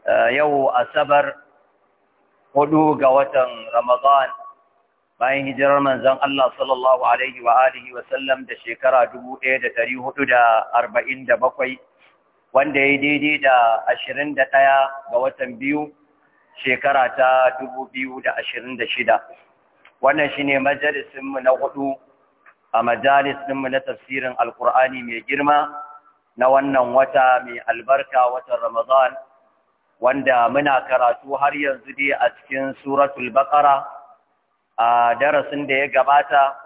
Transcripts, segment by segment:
Eh, yau asabar hudu ga watan Ramadan bayan hijirar manzon Allah sallallahu alaihi wa alihi wa sallam da shekara 1447 wanda ya daidai da 21 ga watan biyu shekara ta 2026 wannan shine majalisin mu na hudu a majalis mu na tafsirin alkur'ani mai girma na wannan wata mai albarka watan Ramadan wanda muna karatu har yanzu dai a cikin suratul baqara a darasin da ya gabata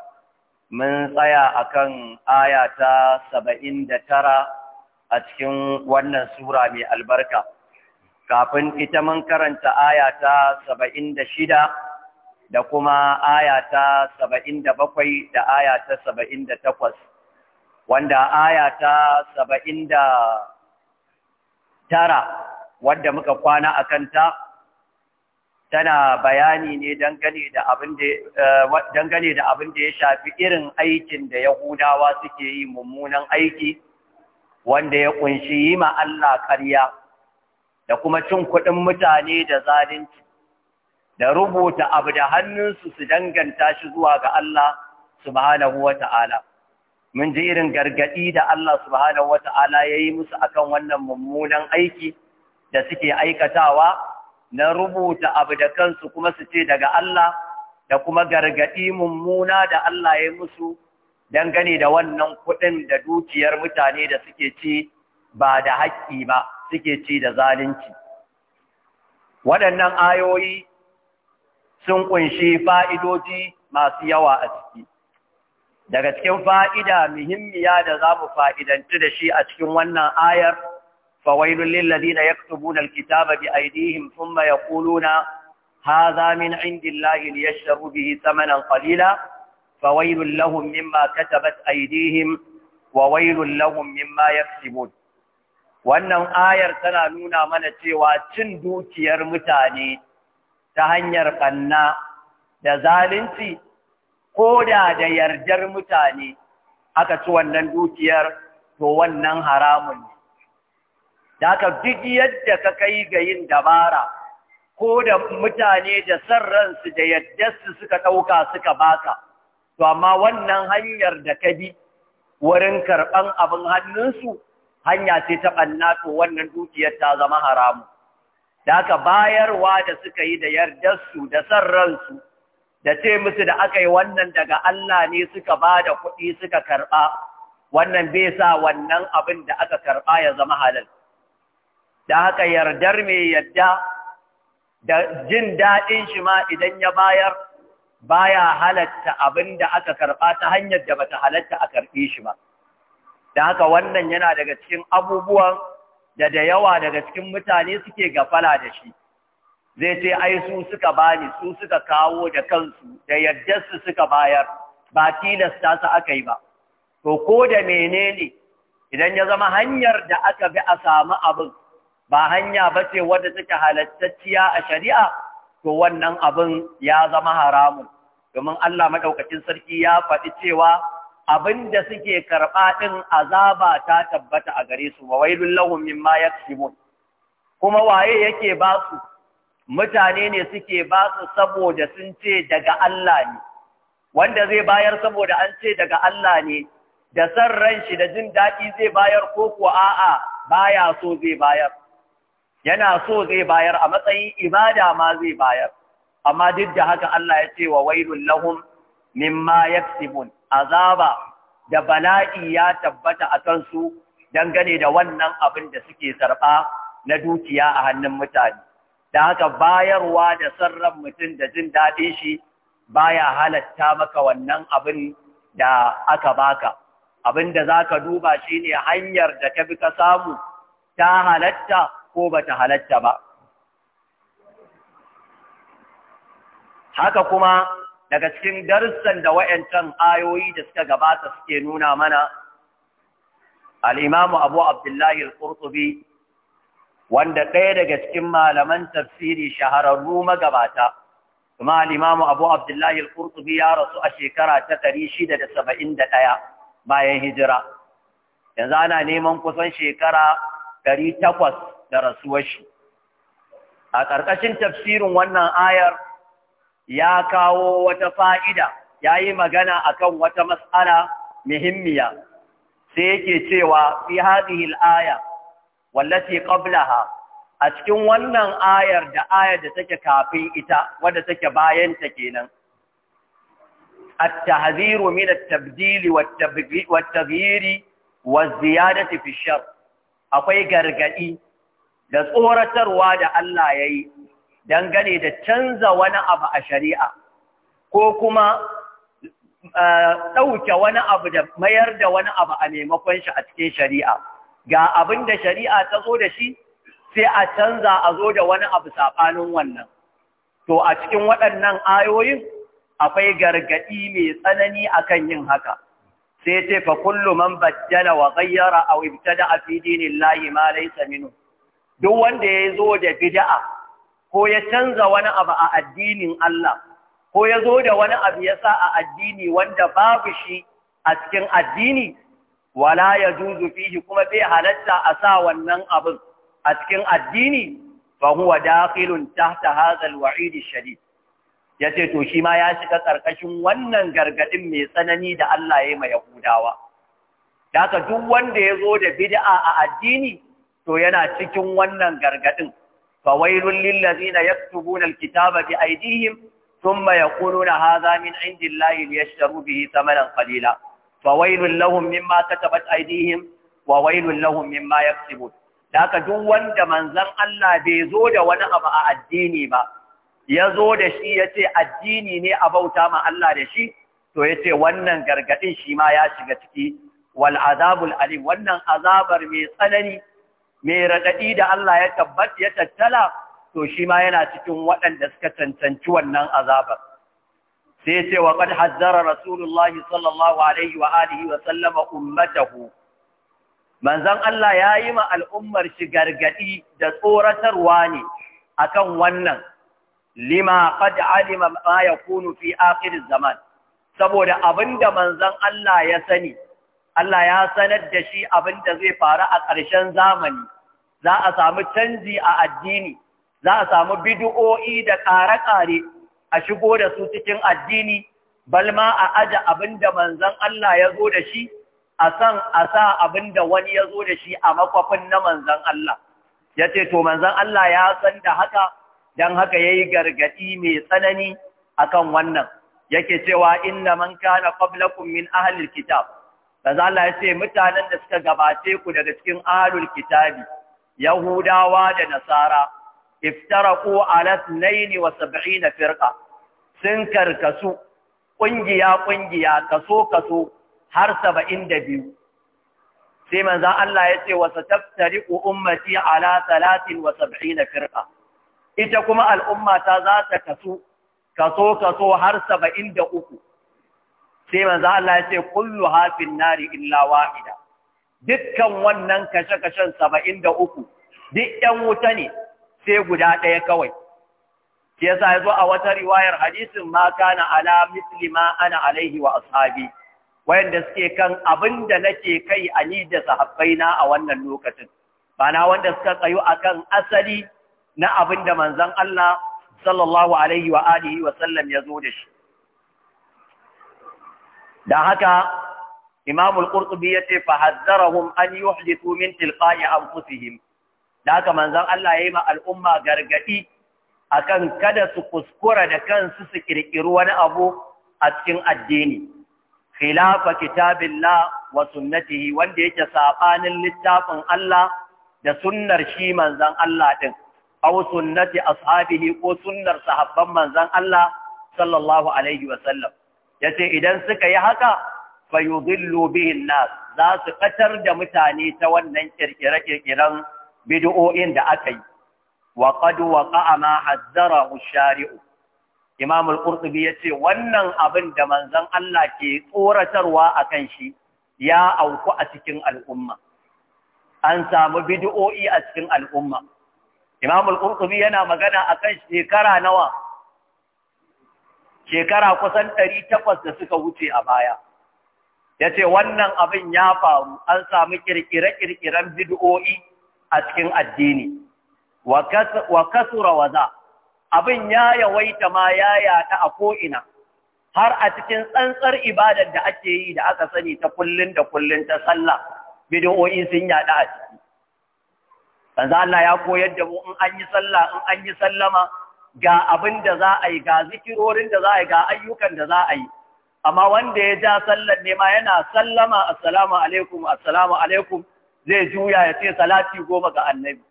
mun tsaya akan aya ta 79 a cikin wannan sura mai albarka kafin ita mun karanta aya ta 76 da kuma aya ta 77 da aya ta 78 wanda aya ta tara. wadda muka kwana a kanta tana bayani ne eh, dangane da abin da ya shafi irin aikin da Yahudawa suke yi mummunan aiki wanda ya kunshi yi ma Allah karya. da kuma cin kuɗin mutane da zalunci da rubuta abu da hannunsu su danganta shi zuwa ga Allah subhanahu wa ta'ala. Mun ji irin gargaɗi da Allah subhanahu wa ta'ala ya yi musu akan wannan mummunan aiki. da suke aikatawa na rubuta abu da kansu kuma su ce daga Allah da kuma gargaɗi mummuna da Allah ya musu dangane da wannan kuɗin da dukiyar mutane da suke ci ba da haƙƙi ba suke ci da zalunci. Waɗannan ayoyi sun ƙunshi fa'idoji masu yawa a ciki. Daga cikin fa'ida muhimmiya da za mu fa'idanci da shi a cikin wannan ayar, فويل للذين يكتبون الكتاب بأيديهم ثم يقولون هذا من عند الله ليشتروا به ثمنا قليلا فويل لهم مما كتبت أيديهم وويل لهم مما يكسبون wannan ayar tana nuna mana cewa cin dukiyar mutane ta hanyar ɓanna da zalunci ko da da yardar mutane aka ci wannan dukiyar to wannan haramun ne da aka duk yadda ka kai ga yin dabara ko da mutane da san ransu da su suka ɗauka suka baka to amma wannan hanyar da ka bi wurin karɓan abin hannunsu hanya ce ta ɓanna to wannan dukiyar ta zama haramu da aka bayarwa da suka yi da yardarsu da san ransu da ce musu da aka yi wannan daga Allah ne suka ba da kuɗi suka karɓa wannan bai sa wannan abin da aka karɓa ya zama halal da haka yardar mai yadda da jin daɗin shi ma idan ya bayar baya halatta abin da aka karɓa ta hanyar da bata halatta a karɓe shi ba da haka wannan yana daga cikin abubuwan da da yawa daga cikin mutane suke gafala da shi zai ce ai su suka bani su suka kawo da kansu da su suka bayar ba tilasta su aka yi ba to ko da menene idan ya zama hanyar da aka bi a samu abin ba hanya ba ce wadda take halattacciya a shari'a to wannan abin ya zama haramun domin Allah maɗaukacin sarki ya faɗi cewa abinda suke karɓa ɗin azaba ta tabbata a gare su wa wailul lahum mimma yaksubun kuma waye yake ba su mutane ne suke ba su saboda sun ce daga Allah ne wanda zai bayar saboda an ce daga Allah ne da san ran shi da jin daɗi zai bayar ko kuwa a'a baya so zai bayar yana so zai bayar a matsayin ibada ma zai bayar amma duk da haka Allah ya ce wa wailul lahum mimma yaksibun azaba da bala'i ya tabbata a kansu dangane da wannan abin da suke zarba na dukiya a hannun mutane da haka bayarwa da sarran mutum da jin daɗin shi baya halatta maka wannan abin da aka baka abin da zaka duba shine hanyar da ka bi ka samu ta halatta ko ba ta halatta ba. Haka kuma daga cikin darussan da wa'yancan ayoyi da suka gabata suke nuna mana, al'imamu Abu Abdullahi al'urtubi, wanda ɗaya daga cikin malaman tafsiri shahararru magabata, kuma al'imamu Abu Abdullahi al'urtubi ya rasu a shekara ta ɗaya bayan hijira. Yanzu ana neman kusan shekara takwas. da rasuwar shi a ƙarƙashin tafsirin wannan ayar ya kawo wata fa'ida ya yi magana akan wata matsala muhimmiya sai yake cewa fi hadihil aya wallati ƙablaha a cikin wannan ayar da ayar da take kafin ita wadda take bayan ta kenan التحذير من التبديل والتغيير والزيادة في الشر akwai gargadi da tsoratarwa da Allah ya yi dangane da canza wani abu a shari'a ko kuma eh, ɗauke wani abu da mayar da wani abu a maimakon shi a cikin shari'a ga abin da shari'a ta zo da shi sai a canza a zo da wani abu saɓanin wannan to a cikin waɗannan ayoyin akwai gargaɗi mai tsanani akan yin haka sai ce fa man baddala wa wibta da a fi dinillahi ma laisa minu duk wanda ya zo da bid'a ko ya canza wani abu a addinin Allah ko ya zo da wani abu ya sa a addini wanda babu shi a cikin addini wala ya juzu fihi kuma bai halatta a sa wannan abin a cikin addini fa huwa dakhilun tahta hadha alwa'id alshadid yace to shi ma ya shiga karkashin wannan gargadin mai tsanani da Allah ya yi ma Yahudawa daga duk wanda ya zo da bid'a a addini to yana cikin wannan gargadin fawailul lil ladina yaktubuna alkitaba bi aydihim thumma yaquluna hadha min indillahi liyashtaru bihi thamanan qalila fawailul lahum mimma katabat aydihim wa wailul lahum mimma yaksibun haka duk wanda manzon Allah bai zo da wani abu a addini ba ya zo da shi ya ce addini ne a bauta ma Allah da shi to ya ce wannan gargadin shi ma ya shiga ciki wal azabul alim wannan azabar mai tsanani mai raɗaɗi da Allah ya tabbata ya tattala to shi ma yana cikin waɗanda suka cancanci wannan azabar sai ce wa qad hazzara rasulullahi sallallahu alaihi wa alihi wa sallama ummatahu manzon Allah ya yi ma al'ummar shi gargaɗi da tsoratarwa ne a kan wannan lima qad alima ma yakunu fi akirin zaman saboda abinda manzon Allah ya sani Allah ya sanar da shi abin da zai faru a ƙarshen zamani za a samu canji a addini za a samu bidu’o’i da ƙare-ƙare a shigo da su cikin addini balma a aja abin da manzon Allah ya zo da shi a san a sa abin da wani ya zo da shi a makwafin na manzan Allah. Ya ce, To, manzan Allah ya san da haka, don haka ya yi gargaɗi mai tsanani a kan wannan, yake cewa inna man kana kwablakun min ahalil kitab Kaza Allah ya ce mutanen da suka gabace ku daga cikin ahlul kitabi Yahudawa da Nasara iftaraku ala 72 firqa sun karkasu kungiya kungiya kaso kaso har 72 sai manzo Allah ya ce taftari, ummati ala 73 firqa ita kuma al'umma ta za ta kasu kaso kaso har 73 sai manzo Allah ya ce kullu hafin nari illa wahida dukkan wannan kashe-kashen saba'in da uku duk ‘yan wuta ne sai guda ɗaya kawai. Ke sa ya zo a wata riwayar hadisin ma kana ala misli ma ana alaihi wa ashabi, wayanda suke kan abin da nake kai a ni da sahabbaina a wannan lokacin, ba na wanda suka tsayo a kan asali na abin da manzon Allah sallallahu alaihi wa alihi wa sallam ya zo da shi. Da haka Imam al-Qurtubi yace fa hazzarahum an yuhdithu min tilqa'i anfusihim Da haka manzon Allah yayi ma al'umma gargadi akan kada su kuskura da kansu su kirkiri wani abu a cikin addini khilafa kitabillah wa sunnatihi wanda yake sabanin littafin Allah da sunnar shi manzon Allah din aw sunnati ashabihi ko sunnar sahabban manzon Allah sallallahu alaihi wa sallam yace idan suka yi haka fayudillu bihin nas za su katar da mutane ta wannan kirkire-kirkiren bid'o'in da aka yi wa qad waqa'a ma hazzara shari'u Imam al-Qurtubi yace wannan abin da manzon Allah ke tsoratarwa akan shi ya auku a cikin al'umma an samu bid'o'i a cikin al'umma Imam al-Qurtubi yana magana akan shekara nawa shekara kusan ɗari takwas da suka wuce a baya. Ya ce wannan abin ya faru an sami ƙirƙire-ƙirƙiren bid'o'i a cikin addini, wa kasura za abin ya yawaita ma ya yata a ko'ina, har a cikin tsantsar ibadar da ake yi da aka sani ta kullum da kullum ta sallah, bid'o'i sun yaɗa a ciki. Allah ya koyar da mu in an sallah, in an yi sallama, ga abin da za a yi ga zikirorin da za a yi ga ayyukan da za a yi amma wanda ya ja sallar nema yana sallama assalamu alaikum assalamu alaikum zai juya ya ce salati goma ga annabi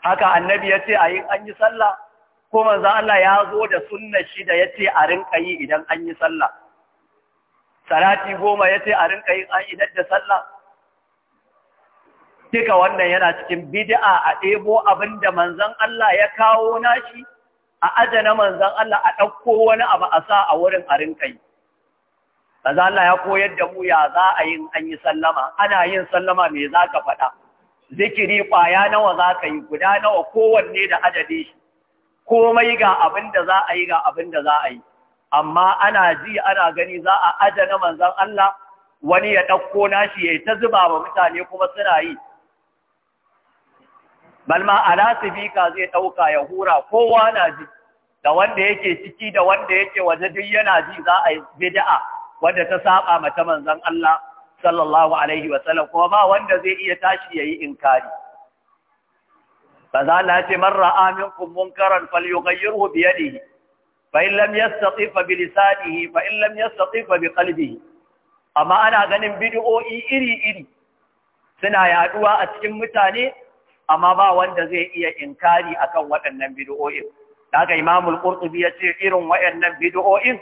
haka annabi ya ce an yi sallah ko manzo Allah ya zo da sunnar shi da yace a rinka yi idan an yi sallah salati goma yace a rinka yi idan da sallah duka wannan yana cikin bid'a a ɗebo abin da manzan Allah ya kawo nashi a ajana manzan Allah a ɗauko wani abu a sa a wurin a rinkai manzon Allah ya koyar da mu ya za a yin an yi sallama ana yin sallama mai za ka faɗa zikiri ƙwaya nawa za ka yi guda nawa kowanne da adade shi komai ga abin da za a yi ga abin da za a yi amma ana ji ana gani za a ajana manzan Allah wani ya ɗauko nashi ya yi ta zuba wa mutane kuma suna yi bal alasibika zai ɗauka ya hura kowa na ji da wanda yake ciki da wanda yake waje duk yana ji za a yi bid'a wanda ta saba mata manzon Allah sallallahu alaihi wa kuma ba wanda zai iya tashi yayi inkari fa za la ta marra aminkum munkaran falyughayyirhu bi yadihi fa in lam yastati fa bi lisanihi fa in lam yastati fa bi qalbihi amma ana ganin bidi'o'i iri iri suna yaɗuwa a cikin mutane amma ba wanda zai iya inkari akan waɗannan bid'o'in daga imamul qurtubi ya ce irin waɗannan bid'o'in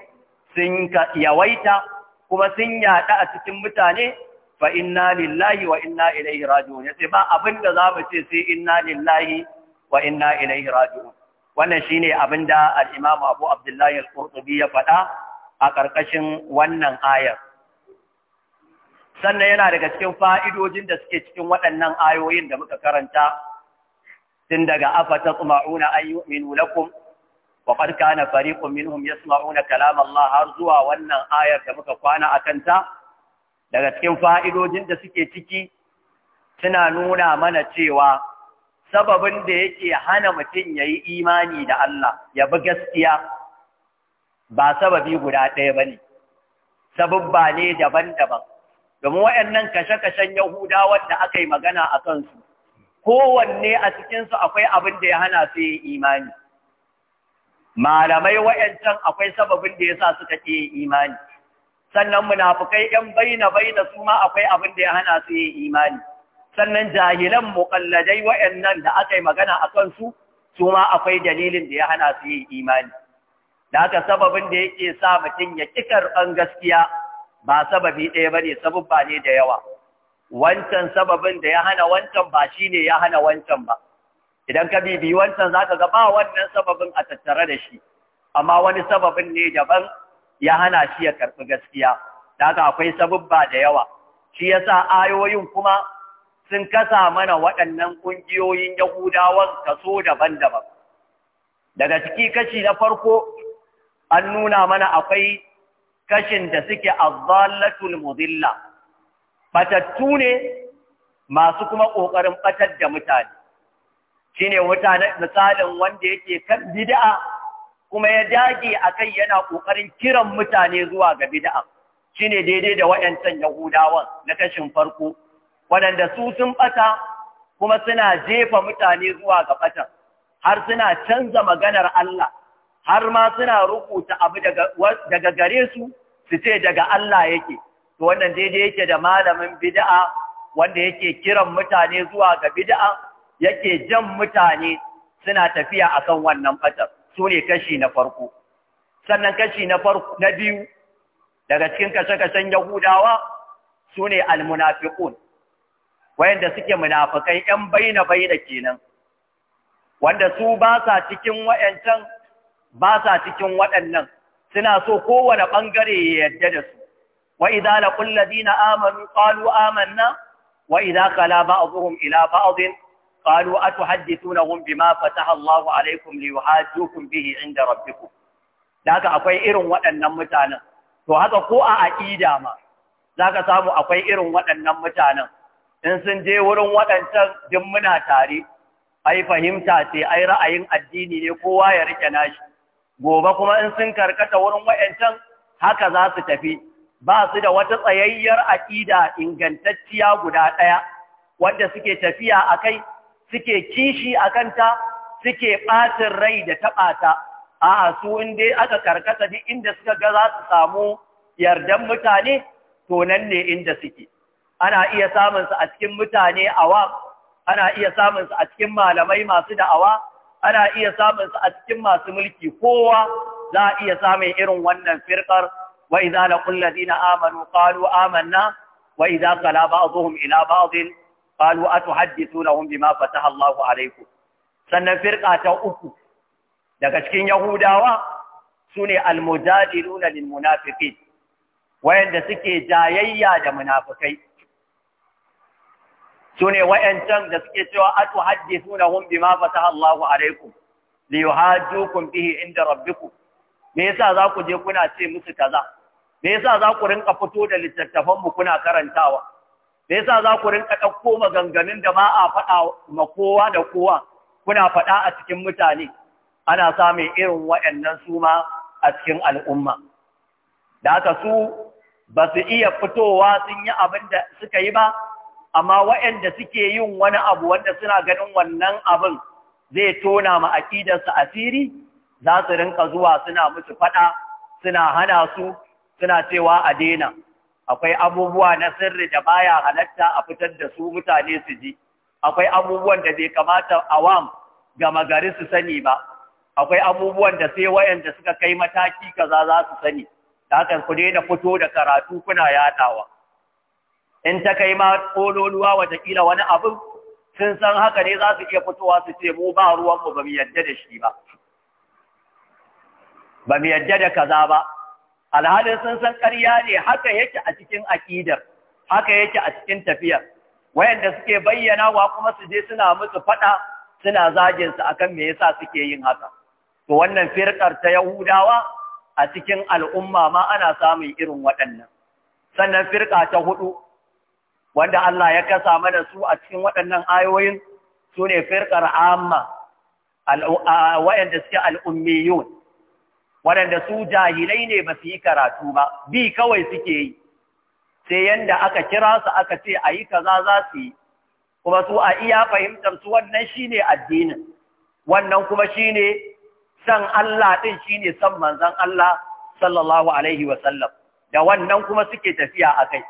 sun yawaita kuma sun yaɗa a cikin mutane fa inna lillahi wa inna ilaihi raji'un yace ba abinda zamu ce sai inna lillahi wa inna ilaihi raji'un wannan shine abinda al-imamu Abu Abdullahi al-Qurtubi ya faɗa a ƙarƙashin wannan ayar sannan yana daga cikin fa'idojin da suke cikin waɗannan ayoyin da muka karanta tun daga afa ta tsuma'una an lakum wa na fariƙun minhum ya tsuma'una Allah har zuwa wannan ayar da muka kwana a kanta daga cikin fa'idojin da suke ciki suna nuna mana cewa sababin da yake hana mutum ya yi imani da Allah ya bi gaskiya ba sababi guda ɗaya ba ne, sababba ne daban-daban. domin waɗannan kashe-kashen Yahuda da aka yi magana a kansu, kowanne a cikinsu akwai abin da ya hana su yi imani. Malamai waɗancan akwai sababin da ya sa suka ke imani. Sannan munafukai ‘yan baina-baina su ma akwai abin da ya hana su yi imani. Sannan jahilan muƙalladai waɗannan da aka yi magana a kansu, su ma akwai dalilin da ya hana su yi imani. Da aka sababin da yake sa mutum ya ƙi karɓan gaskiya ba sababi ɗaya ba ne sababba ne da yawa wancan sababin da ya hana wancan ba shi ne ya hana wancan ba idan ka bibi wancan za ka ga ba wannan sababin a tattare da shi amma wani sababin ne daban ya hana shi ya karɓi gaskiya da haka akwai sababba da yawa shi ya sa ayoyin kuma sun kasa mana waɗannan ƙungiyoyin yahudawan kaso daban-daban daga ciki kashi na farko an nuna mana akwai kashin da suke azzalatul mudilla batattu ne masu kuma kokarin batar da mutane shine mutane misalin wanda yake kan bid'a kuma ya dage akai yana kokarin kiran mutane zuwa ga bid'a shine daidai da wayancan yahudawan na kashin farko Wadanda su sun bata kuma suna jefa mutane zuwa ga ɓatar, har suna canza maganar Allah har ma suna rubuta abu daga gare su su ce daga Allah yake to wannan daidai yake da malamin bida'a wanda yake kiran mutane zuwa ga bida'a yake jan mutane suna tafiya akan wannan fatar su ne kashi na farko sannan kashi na farko na biyu daga cikin kashe-kashen yahudawa su ne almunafikun, wayanda suke munafikai yan bai baina baina kenan wanda su ba sa cikin wayancan ba sa cikin waɗannan suna so kowane ɓangare ya yadda da su wa idza laqul ladina amanu qalu amanna wa idza khala ba'dhum ila na qalu atuhaddithunahum bima fataha Allahu alaykum liyuhajjukum bihi 'inda rabbikum daga akwai irin waɗannan mutanen to haka ko a aqida ma zaka samu akwai irin waɗannan mutanen in sun je wurin waɗancan duk muna tare ai fahimta ce ai ra'ayin addini ne kowa ya rike nashi gobe kuma in sun karkata wurin wa'yancan haka za su tafi ba su da wata tsayayyar aƙida ingantacciya guda ɗaya wanda suke tafiya a kai suke kishi a kanta suke ɓatin rai da taɓata a su inda aka karkata duk inda suka ga za su samu yardan mutane to nan ne inda suke ana iya samunsu a cikin mutane awa ana iya samunsu a cikin malamai masu da'awa ana iya samun su a cikin masu mulki kowa za a iya samun irin wannan firkar wa idza laqul ladina amanu qalu amanna wa idza qala ba'dhum ila ba'd qalu atuhaddithunahum bima fataha Allahu alaykum sannan firqa ta uku daga cikin yahudawa sune almujadiluna lilmunafiqin wayanda suke jayayya da munafikai Su sune wayancan da suke cewa atu hadithunahum bima fataha Allahu alaikum li kun bihi inda rabbiku me yasa za ku je kuna ce musu kaza me yasa za ku rinka fito da littattafan mu kuna karantawa me yasa za ku rinka ɗauko maganganun da ba a faɗa ma kowa da kowa kuna faɗa a cikin mutane ana samun irin wayannan su ma a cikin al'umma da haka su ba su iya fitowa sun yi abin da suka yi ba amma waɗanda suke yin wani abu wanda suna ganin wannan abin zai tona ma su asiri za su rinka zuwa suna musu faɗa suna hana su suna cewa a daina akwai abubuwa na sirri da baya halatta a fitar da su mutane su ji akwai abubuwan da bai kamata awam gama gari su sani ba akwai abubuwan da sai waɗanda suka kai mataki kaza za su sani da hakan ku daina fito da karatu kuna yaɗawa. in ta kai ma ƙololuwa watakila wani abu sun san haka ne za su iya fitowa su ce mu ba ruwanmu ba mu yadda da shi ba ba mu yadda da kaza ba alhalin sun san ƙarya ne haka yake a cikin aƙidar haka yake a cikin tafiyar wayanda suke bayyana wa kuma su je suna musu faɗa suna zagin su akan me yasa suke yin haka to wannan firƙar ta yahudawa a cikin al'umma ma ana samun irin waɗannan sannan firƙa ta hudu wanda Allah ya kasa mana su a cikin waɗannan ayoyin su ne firƙar amma waɗanda suke al'ummiyun waɗanda su jahilai ne ba su yi karatu ba bi kawai suke yi sai yanda aka kira su aka ce a yi kaza za su yi kuma su a iya fahimtar su wannan shi ne addinin wannan kuma shi ne san Allah ɗin shi ne san manzan Allah sallallahu alaihi wasallam da wannan kuma suke tafiya a kai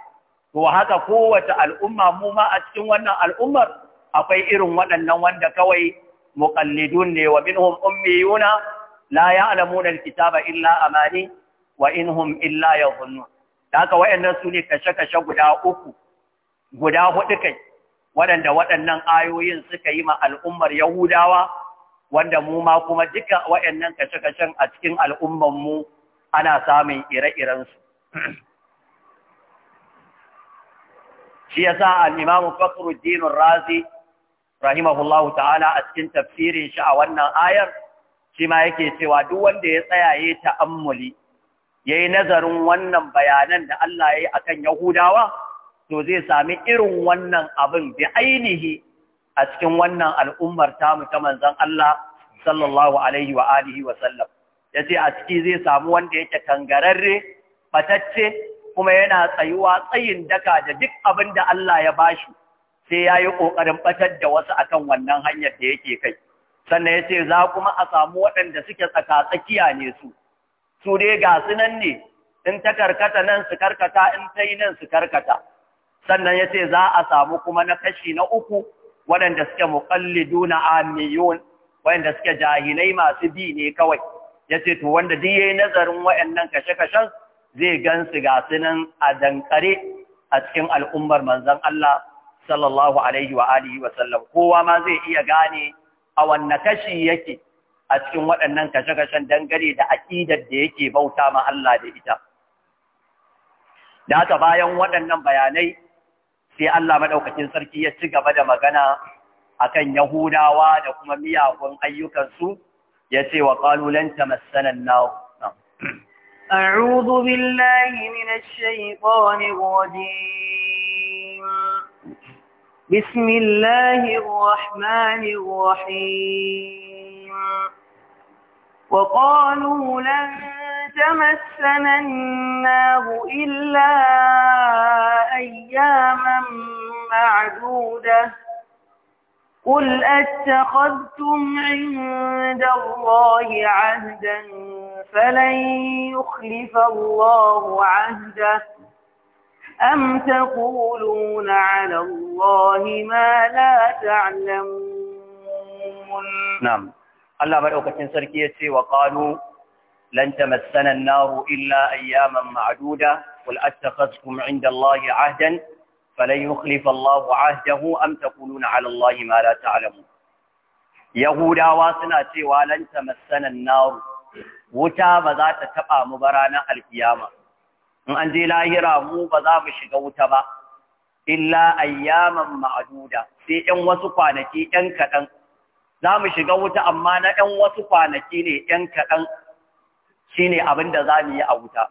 to haka kowace al'umma mu ma a cikin wannan al'ummar akwai irin waɗannan wanda kawai muqallidun ne wa minhum ummiyuna la ya'lamuna kitaba, illa amani wa inhum illa yadhunnun da haka waɗannan su ne kashe-kashe guda uku guda huɗu kai waɗanda waɗannan ayoyin suka yi ma al'ummar Yahudawa wanda mu ma kuma duka waɗannan kashe-kashen a cikin al'ummar mu ana samun ire-irensu shi yasa al-Imam Fakhruddin Razi rahimahullahu ta'ala a cikin tafsirin shi a wannan ayar shi ma yake cewa duk wanda ya tsaya yayi ta'ammuli yayi nazarin wannan bayanan da Allah yayi akan Yahudawa to zai sami irin wannan abin bi ainihi a cikin wannan al'ummar tamu ta manzon Allah sallallahu alaihi wa alihi wa sallam yace a ciki zai samu wanda yake kangararre fatacce kuma yana tsayuwa tsayin daka da duk abin da Allah ya bashi sai ya yi ƙoƙarin ɓatar da wasu akan wannan hanyar da yake kai sannan ya ce za kuma a samu waɗanda suke tsaka tsakiya ne su su dai ga su ne in ta karkata nan su karkata in ta yi nan su karkata sannan ya ce za a samu kuma na kashi na uku waɗanda suke muƙallidu na amiyun waɗanda suke jahilai masu bi ne kawai ya ce to wanda duk yayi nazarin waɗannan kashe-kashen zai gan su nan a dankare a cikin al'ummar manzon Allah sallallahu alaihi wa alihi wa kowa ma zai iya gane a wanne kashi yake a cikin waɗannan kashe-kashen dangare da aƙidar da yake bauta ma Allah da ita da bayan waɗannan bayanai sai Allah maɗaukacin sarki ya ci gaba da magana akan Yahudawa da kuma miyagun ayyukansu ya ce wa ƙalulan ta masanan أعوذ بالله من الشيطان الرجيم بسم الله الرحمن الرحيم وقالوا لن تمسنا النار إلا أياما معدودة قل أتخذتم عند الله عهدا فلن يخلف الله عهده أم تقولون على الله ما لا تعلمون نعم الله مدعوكة سركي يتي وقالوا لن تمسنا النار إلا أياما معدودة قل أتخذتم عند الله عهدا فلن يخلف الله عهده أم تقولون على الله ما لا تعلمون يهودا واسنا سوى لن تمسنا النار wuta ba za ta taɓa mu ba ranar alkiyama in an je lahira mu ba za mu shiga wuta ba illa ayyaman ma'aduda sai ɗan wasu kwanaki ɗan kaɗan za mu shiga wuta amma na 'yan wasu kwanaki ne 'yan kaɗan shi ne abin da za mu yi a wuta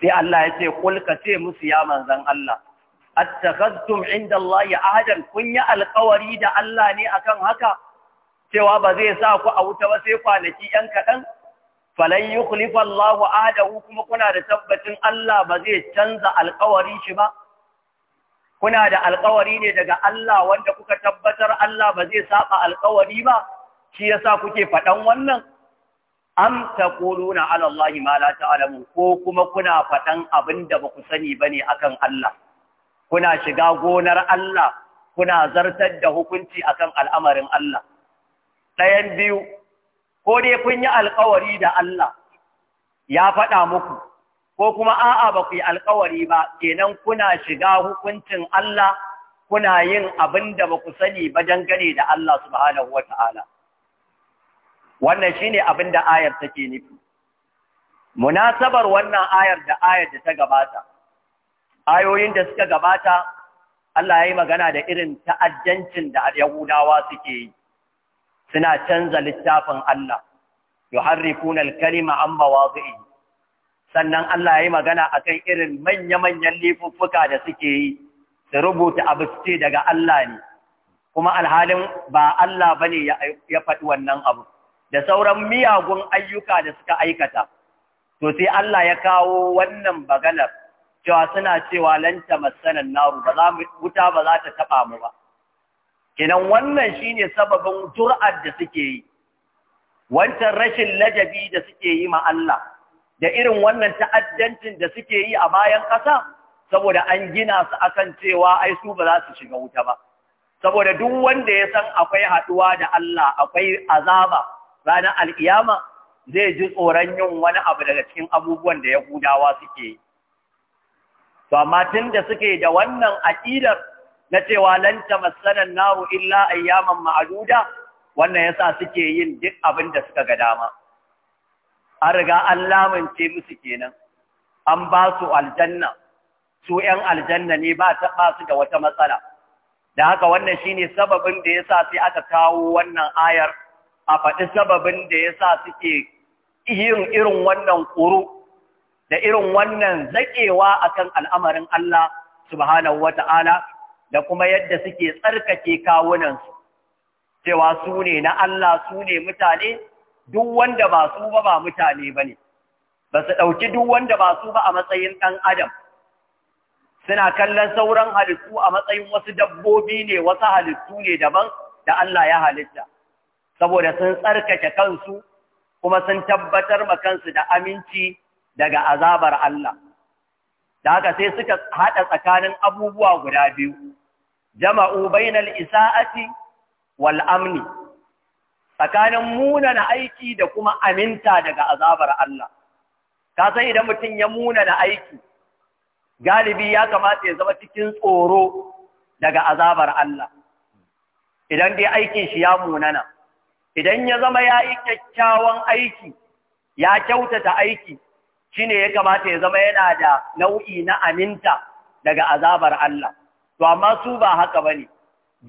sai Allah ya ce kulka ce musu ya manzan Allah attakhadtum inda Allah ya ahadan kun yi alkawari da Allah ne akan haka cewa ba zai sa ku a wuta ba sai kwanaki 'yan kaɗan falan yukhlifa lahu adahu kuma kuna da tabbacin Allah ba zai canza alƙawari shi ba kuna da alƙawari ne daga Allah wanda kuka tabbatar Allah ba zai saba alƙawari ba shi sa kuke faɗan wannan am taquluna ala Allah ma la ko kuma kuna faɗan abin da ba ku sani ne akan Allah kuna shiga gonar Allah kuna zartar da hukunci akan al'amarin Allah ɗayan biyu ko dai kun yi alkawari da Allah ya faɗa muku ko kuma a'a ba ku yi alkawari ba kenan kuna shiga hukuncin Allah kuna yin abin da ba ku sani ba dangane da Allah subhanahu wa ta'ala. wannan shi ne abin da ayar take nufi munasabar wannan ayar da ayar da ta gabata ayoyin da suka gabata Allah ya yi magana da irin ta'addancin da Yahudawa suke yi suna canza littafin Allah yuharrifuna al-kalima an mawazi'i sannan Allah ya yi magana a kan irin manya-manyan lifuffuka da suke yi su rubuta abu ce daga Allah ne kuma alhalin ba Allah ba ne ya faɗi wannan abu da sauran miyagun ayyuka da suka aikata to sai Allah ya kawo wannan maganar cewa suna cewa lanta masanan naru wuta ba za ta taɓa mu ba kenan wannan shine sababin turar da suke yi, wancan rashin lajabi da suke yi ma da irin wannan ta'addancin da suke yi a bayan ƙasa, saboda an gina su akan cewa ai su ba za su shiga wuta ba. Saboda duk wanda ya san akwai haɗuwa da Allah, akwai azaba ranar al'iyama, zai ji tsoron yin wani abu daga cikin abubuwan da Yahudawa suke yi. Ba da suke da wannan aƙidar na cewa lanta masanan naru illa ayyaman ma'aduda? wannan yasa suke yin duk abin da suka ga dama an riga an lamince musu kenan an ba su aljanna su 'yan aljanna ne ba ta ba su da wata matsala da haka wannan shine sababin da yasa sai aka kawo wannan ayar a faɗi sababin da yasa suke yin irin wannan ƙuru da irin wannan zaƙewa akan al'amarin Allah subhanahu wata'ala da kuma yadda suke tsarkake kawunansu cewa su ne na Allah su ne mutane duk wanda ba su ba ba mutane ba ne ba su ɗauki duk wanda ba su ba a matsayin ɗan adam suna kallon sauran halittu a matsayin wasu dabbobi ne wasu halittu ne daban da Allah ya halitta saboda sun tsarkake kansu kuma sun tabbatar ma kansu da aminci daga azabar Allah da haka sai suka haɗa tsakanin abubuwa guda biyu jama'u bainal isa'ati wal amni tsakanin munana aiki da kuma aminta daga azabar Allah ka san idan mutum ya munana aiki galibi ya kamata ya zama cikin tsoro daga azabar Allah idan dai aikin shi ya munana idan ya zama ya yi kyakkyawan aiki ya kyautata aiki shi ne ya kamata ya zama yana da nau'i na aminta daga azabar Allah to amma su ba haka bane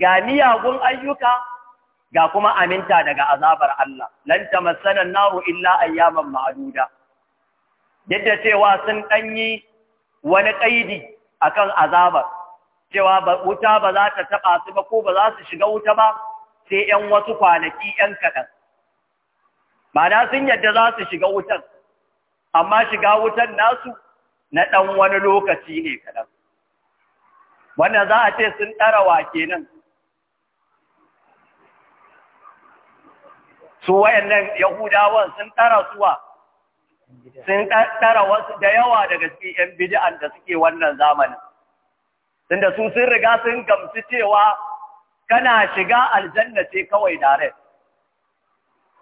ga miyagun ayyuka ga kuma aminta daga azabar Allah lan tamassana naru illa ayyaman ma'duda yadda cewa sun danyi wani kaidi akan azabar cewa wuta ba za ta taba su ba ko ba za su shiga wuta ba sai 'yan wasu kwanaki 'yan kaɗan. ma'ana sun yadda za su shiga wutan, amma shiga wutan nasu na ɗan wani lokaci ne kaɗan. wanda za a ce sun ɗara kenan su wayannan yahudawan sun ɗara suwa sun ɗara wasu da yawa daga cikin 'yan bid'an da suke wannan zamanin tunda su sun riga sun gamsu cewa kana shiga aljanna ce kawai dare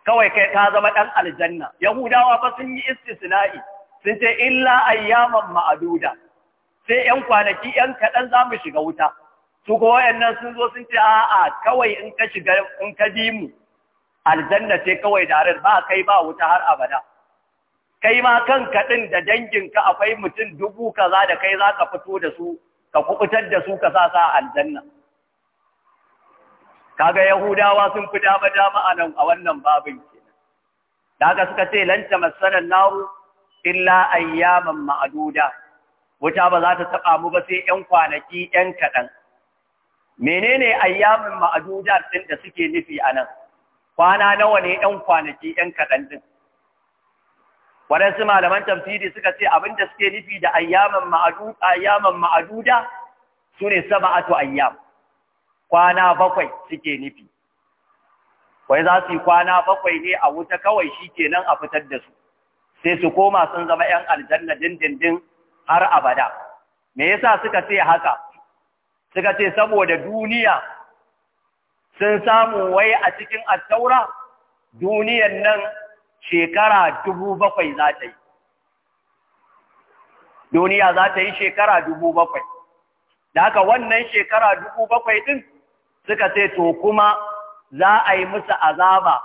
kawai kai ta zama ɗan aljanna yahudawa fa sun yi istisna'i sun ce illa ayyaman ma'aduda sai ‘yan kwanaki ‘yan kaɗan za mu shiga wuta, su ko nan sun zo sun ce, a'a kawai in ka shiga in ka bi mu, aljanna ce kawai da harin ba kai ba wuta har abada. Kai ma kan kaɗin da danginka akwai mutum dubu kaza da kai za ka fito da su, ka kuɓutar da su ka sa sa aljanna. Kaga Yahudawa sun fi dama dama a nan a wannan babin kenan. Daga suka ce lanta masanan naru illa ayyaman ma'aduda. wuta ba za ta taɓa mu ba sai ‘yan kwanaki ‘yan kaɗan. Menene ayyamin ma'adudar ɗin da suke nufi a nan? Kwana nawa ne ‘yan kwanaki ‘yan kaɗan ɗin? Waɗansu malaman tafsiri suka ce abin da suke nufi da ayyamin ma'aduda su ne ato ayyam. Kwana bakwai suke nufi. Wai za su yi kwana bakwai ne a wuta kawai shi kenan a fitar da su. Sai su koma sun zama ‘yan aljanna dindindin har abada me yasa suka ce haka suka ce saboda duniya sun samu wai a cikin attaura duniyan nan shekara dubu bakwai za ta yi duniya za ta yi shekara dubu bakwai da haka wannan shekara dubu bakwai ɗin suka ce to kuma za a yi musu azaba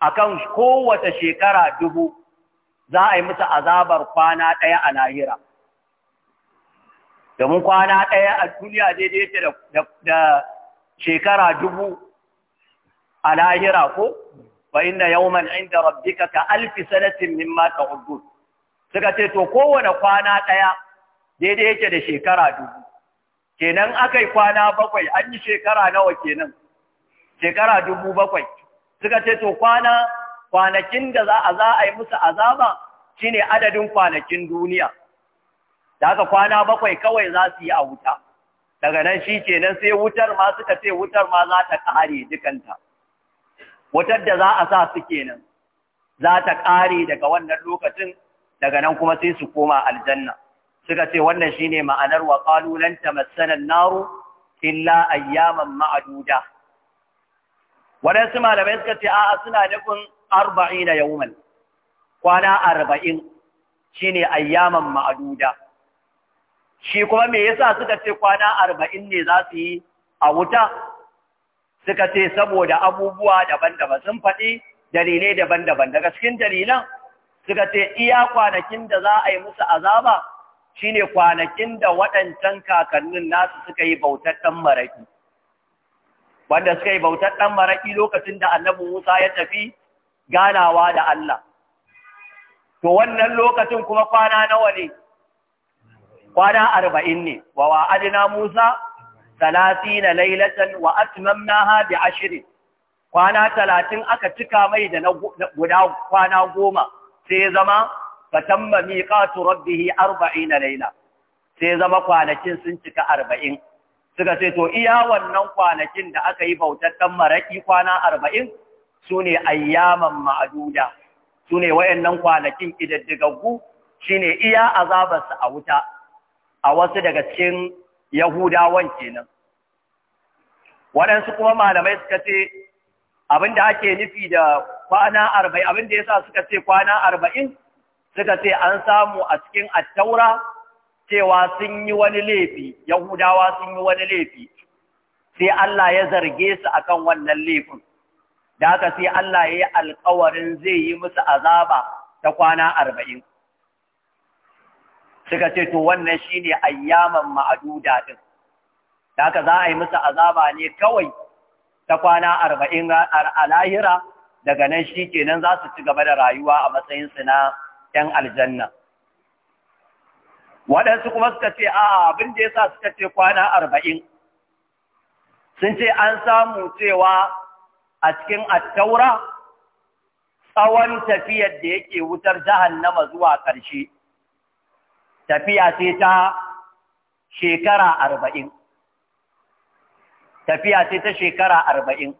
akan kowace shekara dubu za a yi musu azabar kwana ɗaya a lahira domin kwana ɗaya a duniya daidai ta da shekara dubu a lahira ko ba inda yawman inda rabbika ka alfi sanatin mimma ta hudu suka ce to kowane kwana ɗaya daidai yake da shekara dubu kenan aka yi kwana bakwai an yi shekara nawa kenan shekara dubu bakwai suka ce to kwana kwanakin da za a za a yi musu azaba ne adadin kwanakin duniya da haka kwana bakwai kawai za su yi a wuta daga nan shi ke nan sai wutar ma suka ce wutar ma za ta ƙare dukanta wutar da za a sa su nan, za ta ƙare daga wannan lokacin daga nan kuma sai su koma aljanna suka ce wannan shine ma'anar wa ƙalulanta masanan naru illa ayyaman ma'aduda wadansu malamai suka ce a'a suna nufin arba'ina yawman kwana arba'in shine ayyaman ma'aduda shi kuma me yasa suka ce kwana arba'in ne za su yi a wuta suka ce saboda abubuwa daban-daban sun faɗi dalilai daban-daban daga cikin dalilan suka ce iya kwanakin da za a yi musu azaba shine kwanakin da waɗancan kakannin nasu suka yi bautar ɗan maraƙi wanda suka yi bautar ɗan maraƙi lokacin da annabi Musa ya tafi ganawa da Allah to wannan lokacin kuma kwana nawa ne kwana arba'in ne wa adina Musa na lailatan wa ha bi ashirin kwana talatin aka cika mai da guda kwana goma sai zama fatamma miqatu arba'in na layla sai zama kwanakin sun cika arba'in. suka ce to iya wannan kwanakin da aka yi bautar dan maraki kwana arba'in? Sune ayyaman ma'aduda Sune ne wayannan kwanakin ƙididdigaggu Shine ne iya azabarsa a wuta a wasu daga cikin yahudawan kenan waɗansu kuma malamai suka ce abinda ake nufi da kwana arba'in abinda ya sa suka ce kwana arba'in suka ce an samu a cikin attaura cewa sun yi wani laifi yahudawa sun yi wani laifi sai Allah ya zarge su akan wannan laifin da aka sai Allah ya yi alkawarin zai yi musu azaba ta kwana arba'in. Suka ce, To, wannan shi ne ayyaman ma'adu daɗin da aka za a yi musu azaba ne kawai ta kwana arba'in a lahira daga nan shi kenan za su ci gaba da rayuwa a matsayinsu na ‘yan aljanna. Waɗansu kuma suka ce, A abin da ya sa suka ce kwana arba'in, sun ce an samu cewa a cikin attaura tsawon tafiyar da yake wutar jahannama zuwa ƙarshe tafiya ce ta shekara arba'in tafiya ce ta shekara arba'in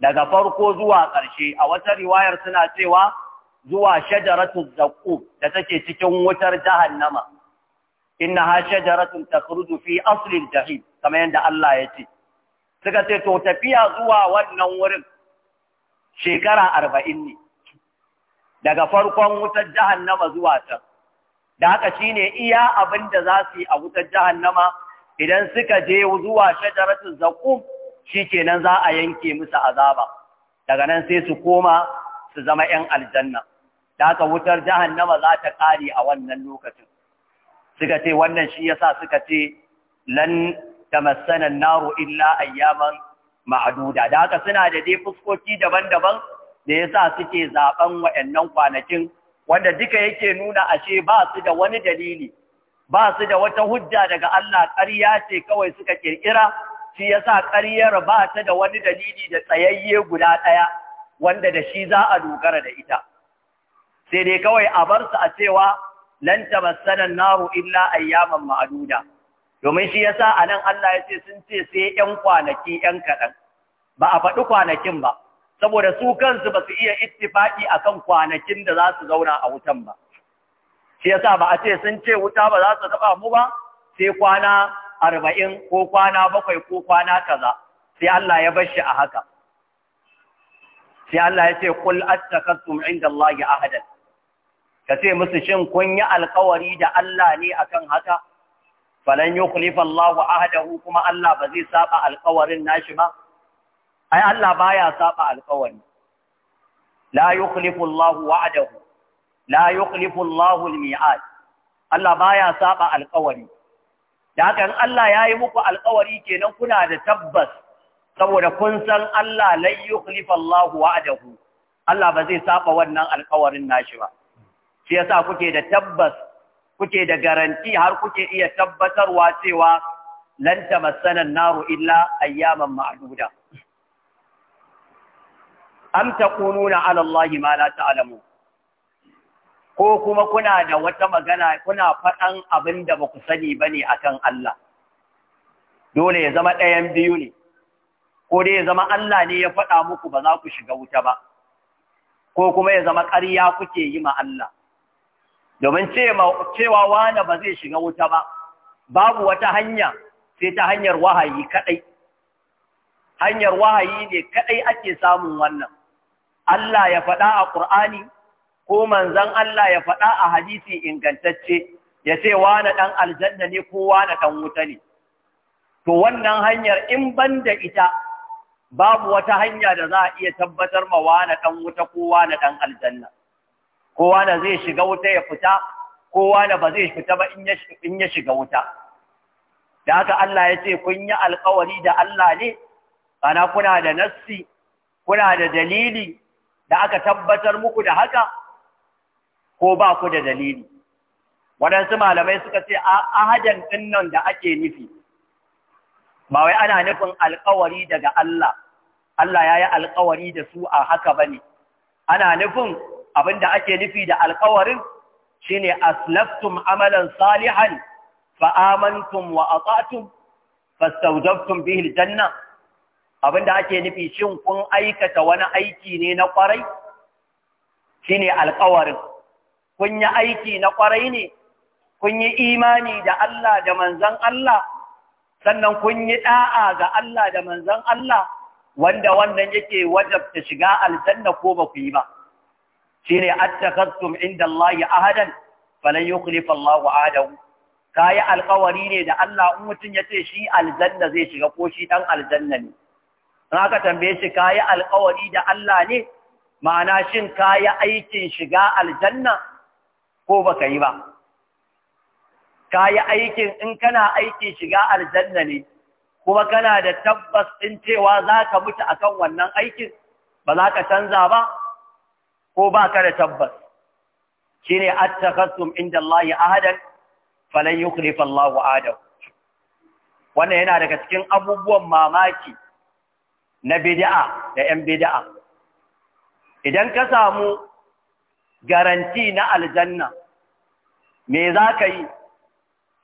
daga farko zuwa ƙarshe a wata riwayar suna cewa zuwa shajaratun zaƙo da take cikin wutar jahannama inna ha shajaratun takhruju fi aslil jahim kamar yadda Allah ya ce suka ce to tafiya zuwa wannan wurin shekara arba'in ne daga farkon wutar jahannama zuwa can da haka ne iya abin da za su yi a wutar jihar jahannama idan suka je zuwa shajaratun zakum shikenan za a yanke musu azaba daga nan sai su koma su zama 'yan aljanna da haka wutar jahannama za ta kare a wannan lokacin suka ce wannan shi yasa suka ce lan tamassanan naru illa ayyaman ma'duda da haka suna da dai fuskoki daban-daban da yasa suke zaben wayannan kwanakin wanda duka yake nuna ashe ba su da wani dalili ba su da wata hujja daga Allah ƙarya ce kawai suka kirkira shi yasa ƙaryar ba ta da wani dalili da tsayayye guda ɗaya wanda da shi za a dogara da ita sai dai kawai a bar su a cewa lan masanan naro naru illa ayyaman ma'duda domin shi yasa a nan Allah ya ce sun ce sai ‘yan kwanaki ‘yan kaɗan, ba a faɗi kwanakin ba, saboda su kansu ba su iya ittifaƙi a kan kwanakin da za su zauna a wutan ba. Shi yasa ba a ce sun ce wuta ba za su taɓa mu ba, sai kwana arba'in ko kwana bakwai ko kwana kaza, sai Allah ya bashi a haka. Sai Allah ya ce, Kul inda Ka ce musu shin kun yi alkawari da Allah ne akan haka? falan yukhlifa Allahu ahdahu kuma Allah ba zai saba alƙawarin nashi ba ai Allah baya saba alƙawari la yukhlifu Allahu wa'dahu la yukhlifu Allahu al-mi'ad Allah baya saba alƙawari da haka Allah yi muku alƙawari kenan kuna da tabbas saboda kun san Allah la yukhlifa Allahu wa'dahu Allah ba zai saba wannan alƙawarin nashi ba shi yasa kuke da tabbas kuke da garanti har kuke iya tabbatarwa cewa lan tamassana naru illa ayyaman ma'duda am taquluna ala allahi ma la ta'lamu ko kuma kuna da wata magana kuna faɗan abinda baku ba ku sani ba akan Allah, dole ya zama ɗayan biyu ne, ko dai ya zama Allah ne ya faɗa muku ba za ku shiga wuta ba, ko kuma ya zama ƙarya kuke yi ma Allah, domin cewa wane ba zai shiga wuta ba babu wata hanya sai ta hanyar wahayi kaɗai. hanyar wahayi ne kaɗai ake samun wannan Allah ya faɗa a ƙur'ani ko manzan Allah ya faɗa a hadisi ingantacce ya ce wane ɗan aljanna ne ko wane ɗan wuta ne to wannan hanyar in ban da ita babu wata hanya da za a iya tabbatar ma wane ɗan wuta ko wane ɗan aljanna kowa na zai shiga wuta ya fita kowa na ba zai fita ba in ya shiga wuta da aka Allah ya ce kun yi alkawari da Allah ne ana kuna da nassi kuna da dalili da aka tabbatar muku da haka ko ba ku da dalili waɗansu malamai suka ce ahadan ɗinnan nan da ake nufi ba wai ana nufin alkawari daga Allah Allah ya yi alkawari da su a haka ba ne ana nufin abinda ake nufi da alkawarin shine aslaftum amalan salihan fa amantum wa ata'tum fastawjabtum bihi aljanna abinda ake nufi shin kun aikata wani aiki ne na kwarai shine alkawarin kun yi aiki na kwarai ne kun yi imani da Allah da manzon Allah sannan kun yi da'a ga Allah da manzon Allah wanda wannan yake wajabta shiga aljanna ko ba ku yi ba shine attakhadtum inda Allah ahadan falan yukhlifa Allah wa'adahu kayi alƙawari ne da Allah in mutum ya ce shi aljanna zai shiga ko shi dan aljanna ne in aka tambaye shi kayi alƙawari da Allah ne ma'ana shin kayi aikin shiga aljanna ko baka yi ba kayi aikin in kana aikin shiga aljanna ne kuma kana da tabbas din cewa zaka mutu akan wannan aikin ba za ka canza ba ko ba ka da tabbas shi ne inda Allah ahadan falan yukhlifa Allahu adam wannan yana daga cikin abubuwan mamaki na bid'a da 'yan bida'a. idan ka samu garanti na aljanna me za ka yi